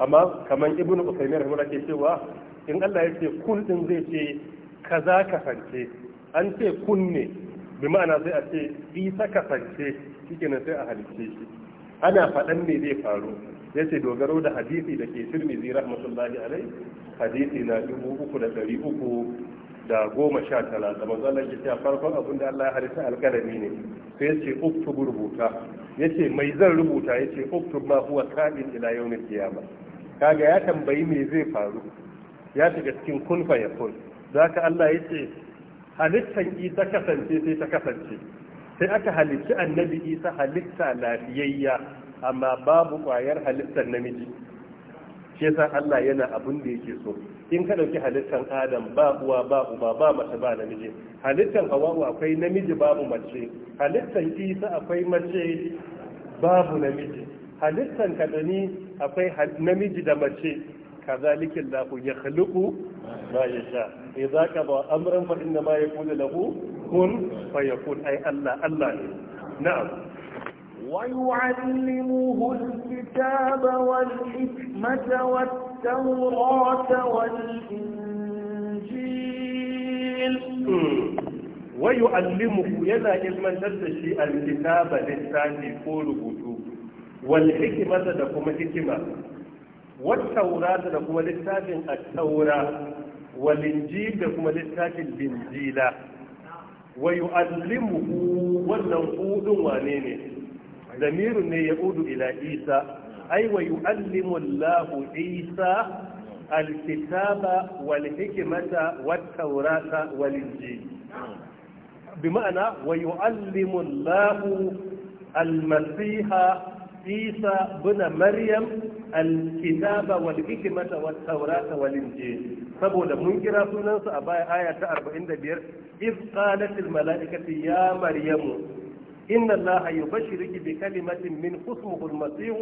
amma kamar ibn usaimin rahimahullah ke cewa in Allah ya ce kun din zai ce kaza kasance an ce kun ne bi ma'ana sai a ce isa kasance ne sai a halicce shi ana faɗan ne zai faru ya ce dogaro da hadisi da ke zira rahmatullahi alai hadisi na dubu uku da ɗari uku da goma sha tara da matsalar ya ce farkon abin da Allah ya harita alƙalami ne sai ya ce rubuta ya ce mai zan rubuta ya ce uktub ma huwa sabin ila yawmin kiyama kaga ya tambayi me zai faru ya shiga cikin kun fa yakun zaka Allah ya ce halittan Isa kasance sai ta kasance sai aka halicci annabi Isa halitta lafiyayya amma babu kwayar halittar namiji shi yasa Allah yana abin da yake so in ka ɗauki halittan adam ba uwa ba uba ba mace ba namiji halittan hawa'u akwai namiji babu mace halittan isa akwai mace babu namiji halittan kadani akwai namiji da mace za ba ya sha كذلك الله يخلق ما يشاء إذا قضى أمرا فإنما يقول له كن فيكون أي Allah الله نعم ويعلمه الكتاب والحكمة والتوراة والإنجيل ويعلمه يلا علما تدشي الكتاب للثاني قوله والحكمة لكم حكمة والتوراة لكم للثاني التوراة والإنجيل لكم للثاني الإنجيل ويعلمه والنقود وانينه damirun ne ya udu ila isa ai wa yu'allimu Allahu isa alkitaba wal hikmata wat tawrata wal injil bima'ana wa yu'allimu Allahu al isa bin maryam alkitaba wal saboda mun kira sunansa a baya aya ta 45 iz qalat al mala'ikatu ya maryamu inna allaha yubashshiruki bi kalimatin min ismuhu al-masih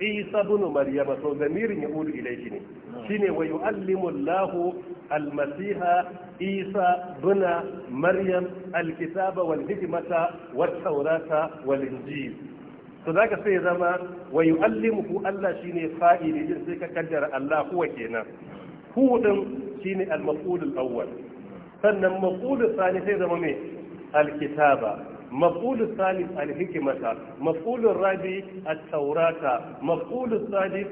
isa ibn maryam to ne shine wa yu'allimu allahu al isa ibn maryam al-kitaba wal hikmata wat tawrata wal injil to zaka sai zama wa yu'allimuhu allah shine fa'ili din sai ka kaddara allah huwa kenan hu din shine al-maf'ul sannan maf'ul Sani sai zama mai Alkitaba. مفعول الثالث الحكمة مفعول الرابع التوراة مفعول الثالث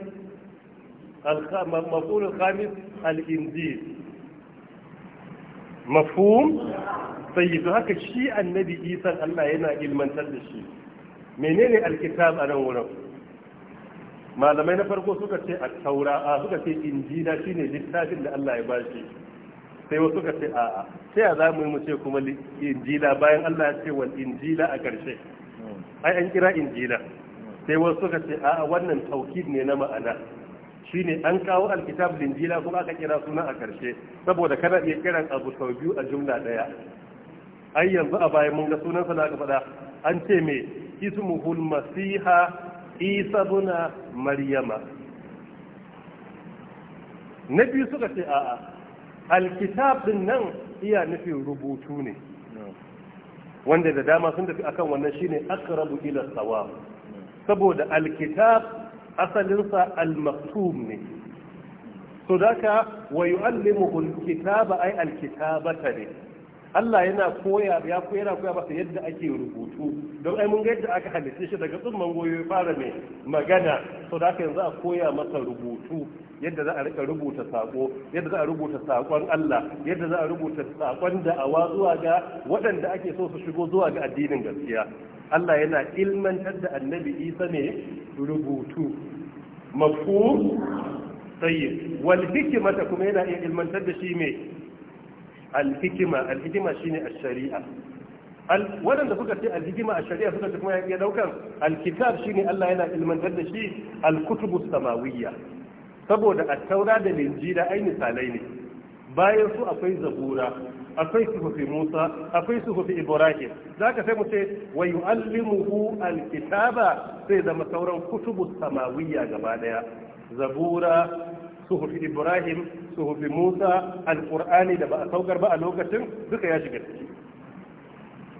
مفعول الخامس الإنجيل مفهوم طيب هكا شيء النبي إيسا الله ينا ilmantar da shi menene alkitab a nan wurin malamai na farko suka ce a taura suka ce shine littafin da Allah ya bashi sai wasu ka ce a'a sai a zamu mu ce kuma injila bayan Allah ya ce wal injila a ƙarshe ai an kira injila sai wasu suka ce a'a wannan taukid ne na ma'ana shine an kawo alkitab injila kuma aka kira suna a ƙarshe saboda kana iya kiran abu sau biyu a jumla ɗaya ai yanzu a bayan mun ga sunan sa aka faɗa an ce me ismuhul masiha isa buna maryama na biyu suka ce a'a alkitab din nan iya nufin rubutu ne wanda da dama sun tafi akan wannan shine aqrabu ila sawab saboda alkitab asalinsa al ne to daka wa yu'allimuhu al ay alkitabata ne Allah yana koya ya koya koya masa yadda ake rubutu don ai mun ga yadda aka halitta shi daga tsumman goyo fara mai magana to daka yanzu a koya masa rubutu yadda za a rika rubuta sako yadda za a rubuta sakon Allah yadda za a rubuta sakon da'awa zuwa ga waɗanda ake so su shigo zuwa ga addinin gaskiya Allah yana ilmantar da annabi Isa ne rubutu mafhum tayyib wal ta kuma yana iya ilmantar da shi ne? al hikma al hikma shine ash-shari'a waɗanda suka ce alhikima a shari'a suka ce kuma ya ɗaukan kitab shine Allah yana ilmantar da shi al kutubus samawiyya saboda attaura da linjila ai misalai ne bayan su akwai zabura akwai suhufi musa akwai suhufi ibrahim ka sai mu ce wa yu'allimuhu alkitaba sai zama sauran kutubu samawiyya gaba daya zabura suhufi ibrahim suhufi musa Alƙur'ani da ba a saukar ba a lokacin duka ya shiga ciki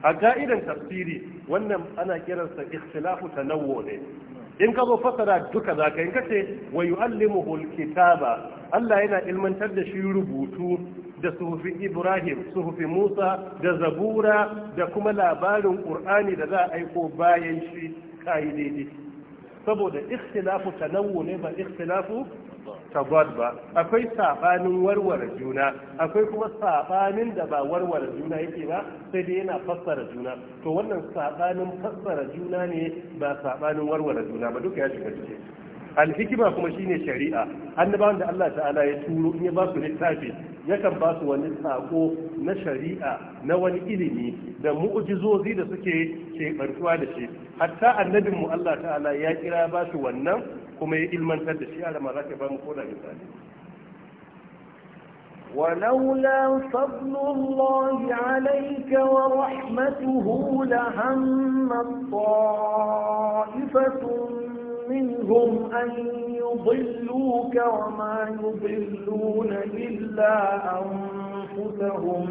a ka'idan tafsiri wannan ana kiransa ikhtilafu tanawwu ne in ka zo fasara duka za ka yi kace wa yu'allimuhu alkitaba Allah yana ilmantar da shi rubutu da suhufin Ibrahim suhufin Musa da Zabura da kuma labarin Qur'ani da za a aiko bayan shi kai daidai saboda ikhtilafu tanawwu ne ba ikhtilafu tagwad ba akwai sabanin warware juna akwai kuma sabanin da ba warware juna yake ba sai dai yana fassara juna to wannan sabanin fassara juna ne ba sabanin warware juna ba duka ya shiga ciki alhikima kuma shine shari'a annabawan da Allah ta'ala ya turo in ya ba su littafi yakan ba su wani sako na shari'a na wani ilimi da mu'jizozi da suke ke barkuwa da shi hatta annabin Allah ta'ala ya kira ba su wannan kuma ya ilmantar da shi alama za ka ba mu koda misali ولولا فضل الله عليك ورحمته لهم طائفة منهم أن يضلوك وما يضلون إلا أنفسهم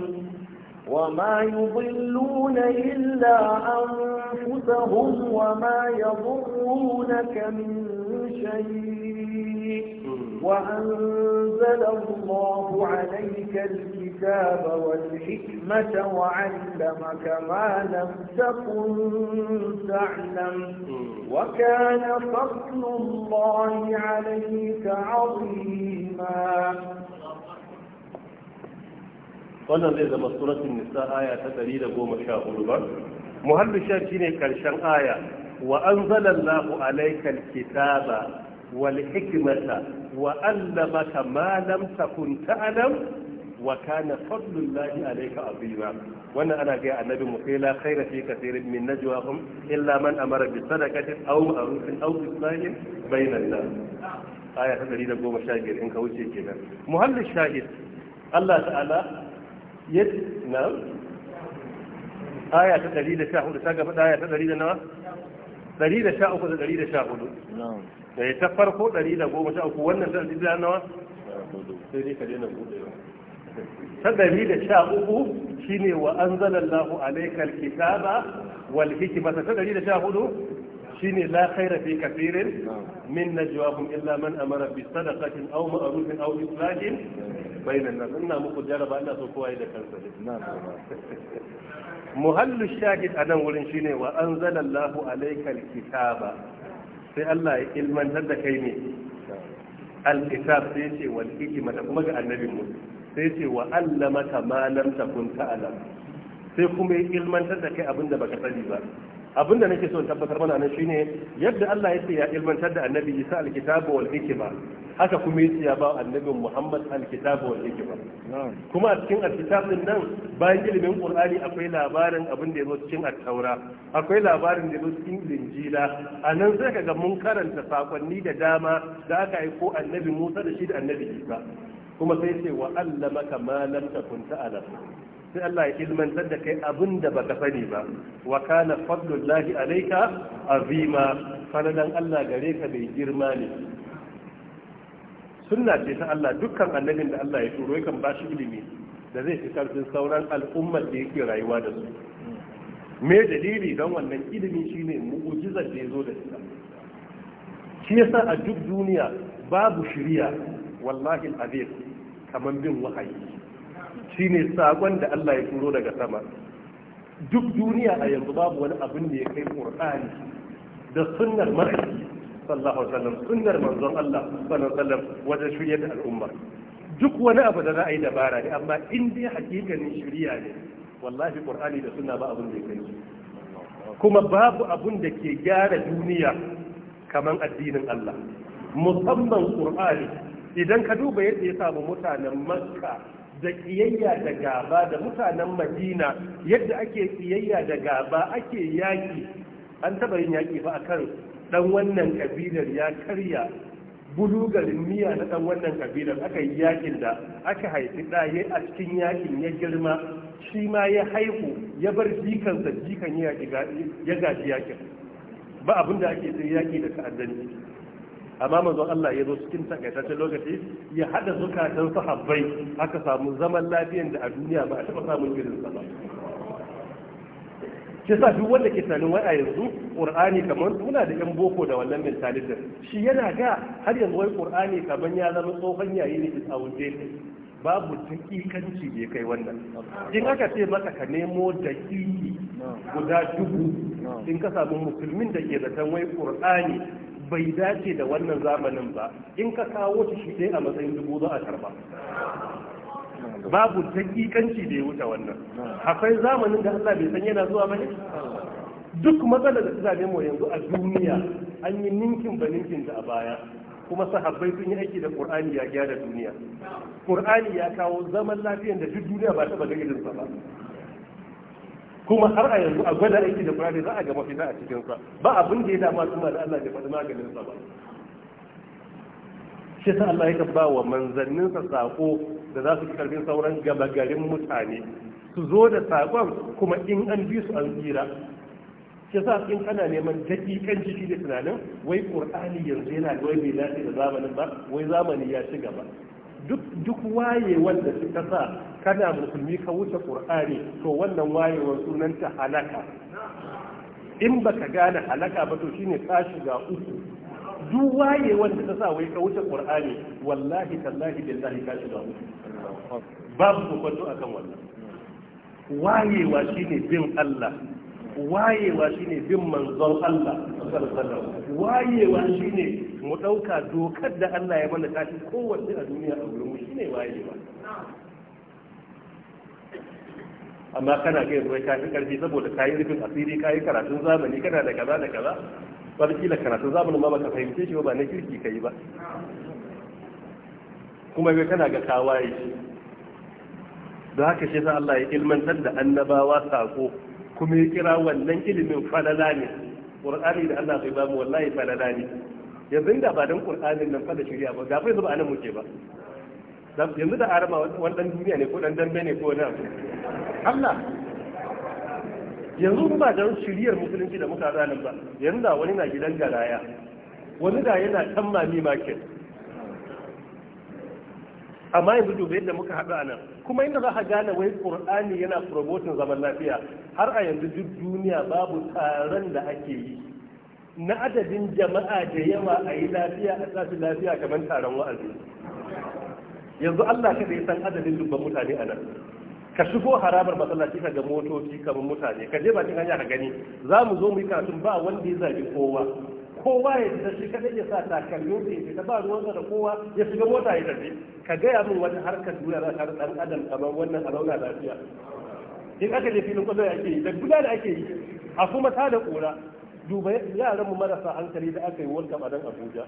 وما يضلون إلا أنفسهم وما يضرونك من شيء وأنزل الله عليك الكتاب والحكمة وعلمك ما لم تكن تعلم وكان فضل الله عليك عظيما wannan zai zama suratun nisa aya ta 114 ba muhallu shar shine karshen aya وأنزل الله عليك الكتاب والحكمة وألمك ما لم تكن تعلم وكان فضل الله عليك عظيما وانا انا جاء النبي مقيلا خير في كثير من نجواهم الا من امر بصدقه او معروف او اصلاح بين الناس aya ta 115 in ka wuce kenan muhallin shahid Allah ta'ala ya na aya ta 114 ta gaba aya ta 100 nawa ɗari da sha uku da ɗari da sha hudu da ya eh, ta farko ɗari da goma sha uku wannan ta ɗari nawa sai dai ka daina buɗewa ta ɗari da sha uku shine wa an anzalallahu alaikal kitaba wal hikmata ta ɗari da sha hudu Shi shine la khaira fi kathirin min najwahum illa man amara bi sadaqatin aw ma'rufin aw islahin bainan nas ina muku jaraba Allah so kowa da kansa muhallu shahid a nan wurin shine wa an zalallahu alaikal kitaba sai Allah ya ilmantar da kai ne alkitab sai ce wa hikima da kuma ga annabin mu sai ce wa ta ma ta takun ta'lam sai kuma ya ilmantar da kai abinda baka sani ba abinda nake so in tabbatar mana nan shine yadda Allah ya ya ilmantar da annabi Isa alkitabu wal hikima haka kuma yace ya ba annabin Muhammad alkitabu wal hikima kuma a cikin alkitab din nan bayan ilimin Qur'ani akwai labarin abin da yazo cikin at-Taura akwai labarin da yazo cikin Injila anan sai kaga mun karanta sakonni da dama da aka ko annabi Musa da shi da annabi Isa kuma sai ce wa allama kama lam takun ta'lam sai Allah ya ilmantar da kai abin da baka sani ba wa kana fadlullahi alayka azima faradan Allah gare ka bai girma ne sunna ce ta Allah dukkan annabin da Allah ya turo yakan ba shi ilimi da zai fi karfin sauran al'ummar da yake rayuwa da su me dalili don wannan ilimi shine mu'ujizar da ya zo da ita shi yasa a duk duniya babu shiriya wallahi al'azim kaman bin wahayi Shi ne sakon da Allah ya turo daga sama duk duniya a yanzu babu wani abin da ya kai qur'ani da sunnar mar'i sallallahu alaihi wasallam sunnar manzon Allah sallallahu alaihi wajen shirya da al'umma duk wani abu da za a yi dabara ne amma in dai hakikanin shirya ne wallahi qur'ani da sunna ba abin da ya kai kuma babu abun da ke gyara duniya kamar addinin Allah musamman qur'ani idan ka duba yadda ya samu mutanen makka da ƙiyayya da gaba da mutanen madina yadda ake ƙiyayya da gaba ake yaƙi an taɓa yin yaƙi ba a kan ɗan wannan ƙabilar ya karya bulugarin miya na ɗan wannan ƙabilar aka yi yaƙin da aka haifi ɗaya a cikin yaƙin ya girma shi ma ya haihu ya bar jikansa jikan ya gaji yaƙin ba abin ake sai yaƙi da ta'addanci amma manzon Allah ya zo cikin takaitaccen lokaci ya hada zukatan sahabbai aka samu zaman lafiyan da a duniya ba a taba samun irin sa ba shi sa duk wanda ke tunanin wai a yanzu qur'ani kamar suna da yan boko da wannan mentality shi yana ga har yanzu wai qur'ani kamar ya zama tsohon yayi ne is outdated babu dakikanci da kai wannan in aka ce maka ka nemo dakiki guda dubu in ka samu musulmin da ke zaton wai qur'ani bai dace da wannan zamanin ba in ka kawo shi shi a matsayin dubu za a karba babu dakikanci da ya wuce wannan akwai zamanin da Allah bai san yana zuwa bane duk matsalar da ta mu yanzu a duniya an yi ninkin ba ninkin da a baya kuma sahabbai sun yi aiki da Qur'ani ya gyara duniya Qur'ani ya kawo zaman lafiyar da duk duniya ba ta ga irin ba kuma har a yanzu a gwada aiki da kurari za a ga za a cikin sa ba abin da ya dama suna da Allah ya faɗi maganin sa ba shi sa Allah ya ba wa manzannin sa sako da za su fi sauran gaba garin mutane su zo da sakon kuma in an bi su an tsira shi sa in kana neman dakikan jiki da tunanin wai Qur'ani yanzu yana da wai bai dace da zamanin ba wai zamani ya ci gaba duk duk wayewar da suka sa kana musulmi ka wuce qur'ani to wannan wayewar sunanta halaka in baka gane halaka ba to shine ka shiga uku duk wayewar da ta sa wai ka wuce qur'ani wallahi tallahi billahi ka shiga uku babu kwanto akan wannan wayewa shine bin Allah wayewa shine bin manzon Allah wayewa shine mu ɗauka dokar da Allah ya mana ta fi kowanne a duniya a gurin shi ne wayewa amma kana ga ruwai ka fi karfi saboda kayi rufin asiri kayi karatun zamani kana da kaza da kaza da karatun zamanin ma baka fahimce shi ba na kirki kai ba kuma kai kana ga kawaye da haka shi sa Allah ya ilmantar da annabawa sako kuma ya kira wannan ilimin falala ne ƙur'ani da Allah zai bamu wallahi falala ne yanzu da ba dan ƙur'ani nan da shirya ba gafai zuba ba anan muke ba yanzu da arama wannan duniya ne ko dan dambe ne ko na Allah yanzu ba dan shari'ar musulunci da muka zalim ba yanzu da wani na gidan garaya wani da yana tamma mi market amma yanzu dubi yadda muka haɗu a nan kuma inda za ka gane wai ƙur'ani yana promoting zaman lafiya har a yanzu duk duniya babu taron da ake yi na adadin jama'a da yawa a yi lafiya a tsafi lafiya kamar taron wa'azi yanzu Allah ka san adadin dubban mutane a nan ka shigo harabar masallaci ka ga motoci kamar mutane ka je bakin hanya ka gani za mu zo mu yi kasu ba wanda ya zabi kowa kowa ya fita shi kadai ya sa takalmin ya fita ba ruwan da kowa ya shiga mota ya tafi ka gaya min wata harkar duniya za ka dan adam kamar wannan a zauna lafiya in aka je filin kwallo ake yi da guda da ake yi a kuma ta da kora duba yaran mu marasa hankali da aka yi world cup a nan Abuja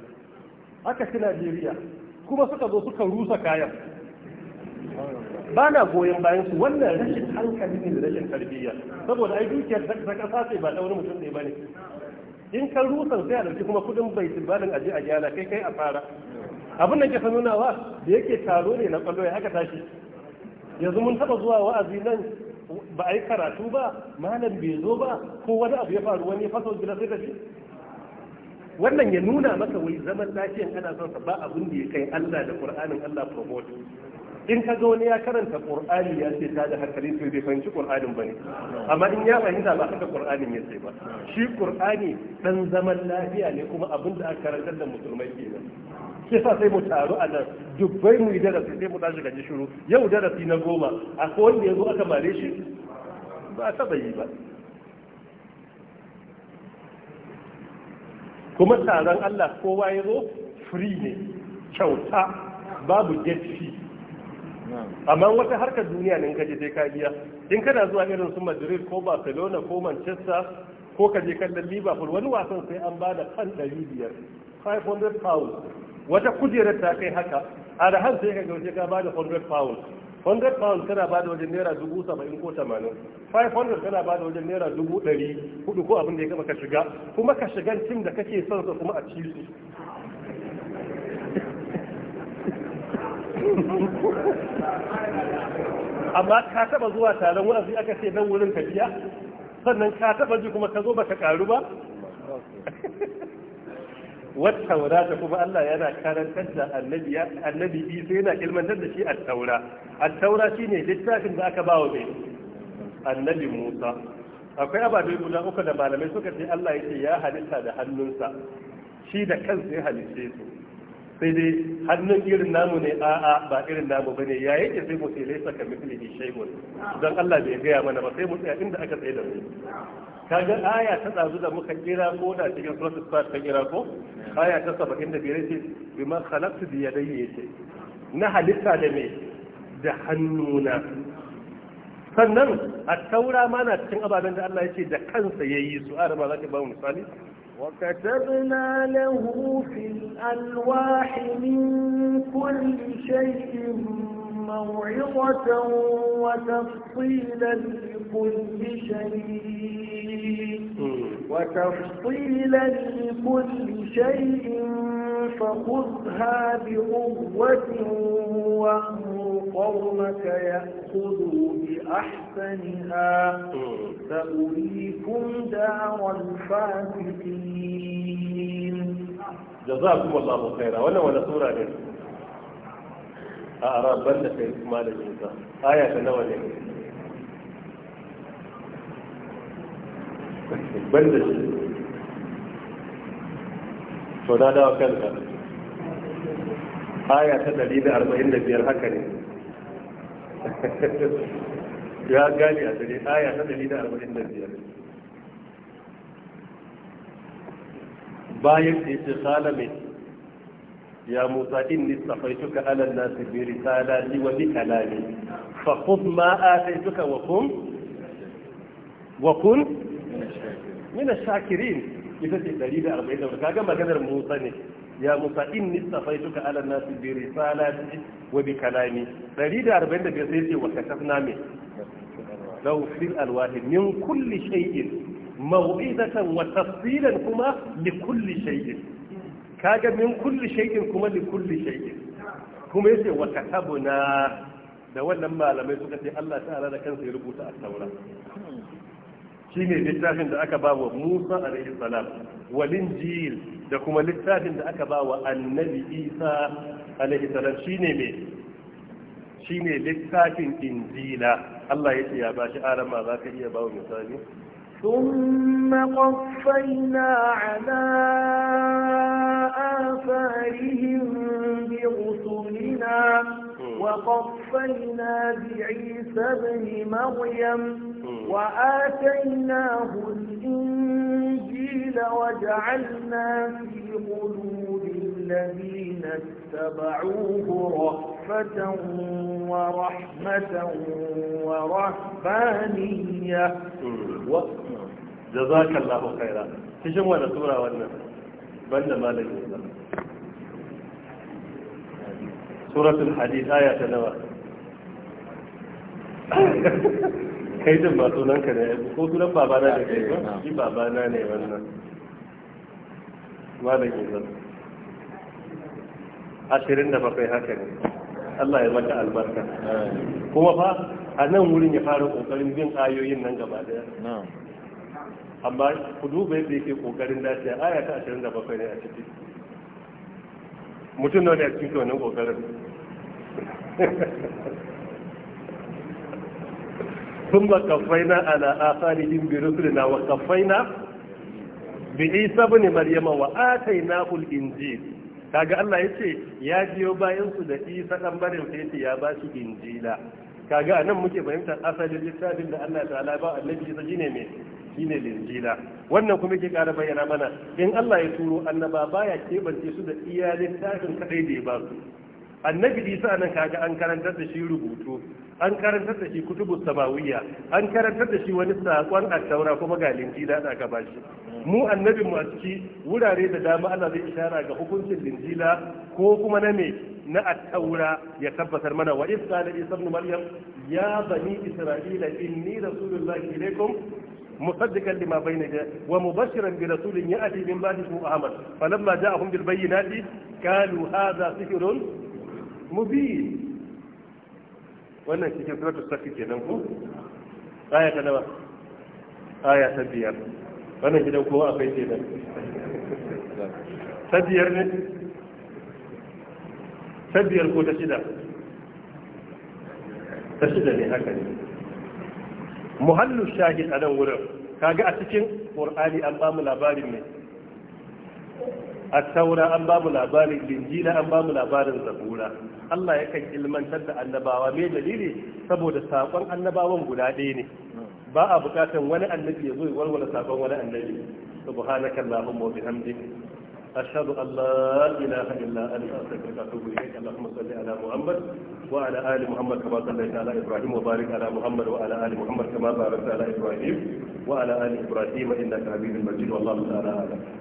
aka ci Najeriya kuma suka zo suka rusa kayan ba na goyon bayan su wannan rashin hankali ne da rashin tarbiyya saboda ai dukiyar da kasa sai ba da wani mutum ne bane in kan rusan sai a ɗauki kuma kuɗin bai tilbalin aje a gyara kai kai a fara abin da ke fa nunawa da yake taro ne na kwallo ya haka tashi yanzu mun taba zuwa wa'azi nan ba a yi karatu ba malam bai zo ba ko wani abu ya faru wani faso gida sai tafi wannan ya nuna maka wai zaman lafiyan ana son sa ba abin da ya kai Allah da Qur'anin Allah promote in ka ga wani ya karanta qur'ani ya ce ta da hankali to bai fahimci qur'anin bane amma in ya fahimta ba haka qur'anin ya ce ba shi qur'ani dan zaman lafiya ne kuma abin da aka karantar da musulmai kenan ke sa sai mu taru a nan dubbai mu yi darasi sai mu tashi gaji shiru yau darasi na goma akwai wanda ya aka mare shi ba taba yi ba kuma taron Allah kowa ya zo free ne kyauta babu get fee amma wata harkar duniya ne kaje sai ka biya in kana zuwa irin su Madrid ko Barcelona ko Manchester ko ka je kallon Liverpool wani wasan sai an bada kan 500 500 pounds wata kujerar ta kai haka a da har sai ka gaushe ka bada 100 pounds 100 pounds kana bada wajen naira dubu saba'in ko tamanin 500 kana bada wajen naira dubu ɗari hudu ko abin da ya kama ka shiga kuma ka shiga tim da kake son su kuma a ci <laughs> amma ka taba zuwa taron wa'azi aka ce dan wurin tafiya sannan ka taba ji kuma ka zo baka karu ba <laughs> wata ta kuma Allah yana karantar da annabi annabi Isa yana ilmantar da shi at-taura at-taura shine littafin da aka bawa mai annabi Musa akwai ababe guda uku da malamai suka ce Allah yake ya halitta da hannunsa shi da kansa ya halitta su sai dai hannun irin namu ne a'a ba irin namu bane ya yake sai mu sai laisa ka mithlihi shay'un dan Allah bai gaya mana ba sai mu tsaya inda aka tsaye da mu kaga aya ta tsazu da muka kira ko da cikin suratul fat ta kira ko aya ta 75 ce bima khalaqtu bi yadayya ce na halitta da me da hannuna sannan a taura ma na cikin ababen da Allah ya da kansa yayi su a rama zaki ba mu misali وكتبنا له في الألواح من كل شيء موعظة وتفصيلا لكل شيء وتفصيلا لكل شيء فخذها بقوة وأمر قومك يأخذوا بأحسنها سأريكم دار الفاسقين جزاكم الله خيرا ولا ولا سورة a arab da kai kuma malamin ka aya ta nawa ne Ban da shi to na dawa kanka aya ta biyar haka ne <laughs> ya gane a dare aya ta biyar. bayan da ya ce salamin ya musa inni safai suka alal nasi bi risala kalami fa ma ataytuka wa kun wa kun min ash-shakirin ita ce dalili arba'in da kaga maganar musa ne ya musa inni safai suka alal nasi bi risala kalami dalili arba'in da sai ce wa katafna me lau fil alwahi min kulli shay'in maw'idatan wa tafsilan kuma li kulli shay'in kaga min kulli shay'in kuma li kulli shay'in kuma yace wa katabuna da wannan malamai suka ce Allah ta'ala da kansa ya rubuta a taura shine littafin da aka bawa Musa alaihi salam wal injil da kuma littafin da aka bawa annabi Isa alaihi salam shine me shine littafin injila Allah yace ya bashi arama zaka iya bawa misali ثم قفينا على آثارهم برسلنا وقفينا بعيسى ابن مريم وآتيناه الإنجيل وجعلنا في قُلُوبِ الذين اتبعوه رحمة ورحمة ورحمانية و... جزاك الله خيرا تجمع نسورة وانا بل ما لك سورة الحديث آية نوى <laughs> كيف ما تقولنك يا ابو قلت لك بابانا لك نعم. بابانا لك وانا ما لك ashirin da bakwai haka ne Allah ya maka albarka kuma fa a nan wurin ya fara kokarin bin ayoyin nan gaba daya amma ku duba yadda yake kokarin lafiya aya ta ashirin da bakwai ne a ciki mutum na da cikin wannan kokarin ثم كفينا على آثارهم برسلنا وكفينا بعيسى ابن na وآتيناه الإنجيل kaga Allah ya ce ya biyo bayan su da isa ɗan barin sai ya ba su injila kaga anan muke fahimtar asalin littafin da Allah ta'ala ba annabi isa shine me shine injila. wannan kuma yake ƙara bayyana mana in Allah ya turo annaba baya kebance su da iya littafin kadai da ya ba su annabi isa nan kaga an karantar da shi rubutu an karantar da shi kutubu samawiyya an karantar da shi wani sakon attaura kuma ga linjila da aka shi, mu annabi mu a ciki wurare da dama Allah zai ishara ga hukuncin linjila ko kuma na me na attaura ya tabbatar mana wa isa da isa ibn maryam ya bani isra'ila inni rasulullahi ilaikum مصدقا لما بين يديه ومبشرا برسول ياتي من بعد اسمه احمد فلما جاءهم بالبينات قالوا هذا سحر mubin wannan cikin suratul safi kenan ko aya ta nawa aya ta biyar wannan gidan kowa akwai kenan ta biyar ne ta biyar ko ta shida ta shida ne haka ne muhallu shahid a nan wurin kaga a cikin qur'ani an ba mu labarin ne a attaura an bamu labarin linjila an bamu labarin zabura Allah yakan ilmantar da annabawa me dalili saboda sakon annabawan guda ɗaya ne ba a bukatan wani annabi ya zo ya walwala sakon wani annabi subhanaka allahumma wa bihamdik ashhadu an la ilaha illa anta astaghfiruka wa atubu ilayk allahumma salli ala muhammad wa ala ali muhammad kama sallaita ala ibrahim wa barik ala muhammad wa ala ali muhammad kama barakta ala ibrahim wa ala ali ibrahim innaka hamidul majid wallahu ta'ala a'lam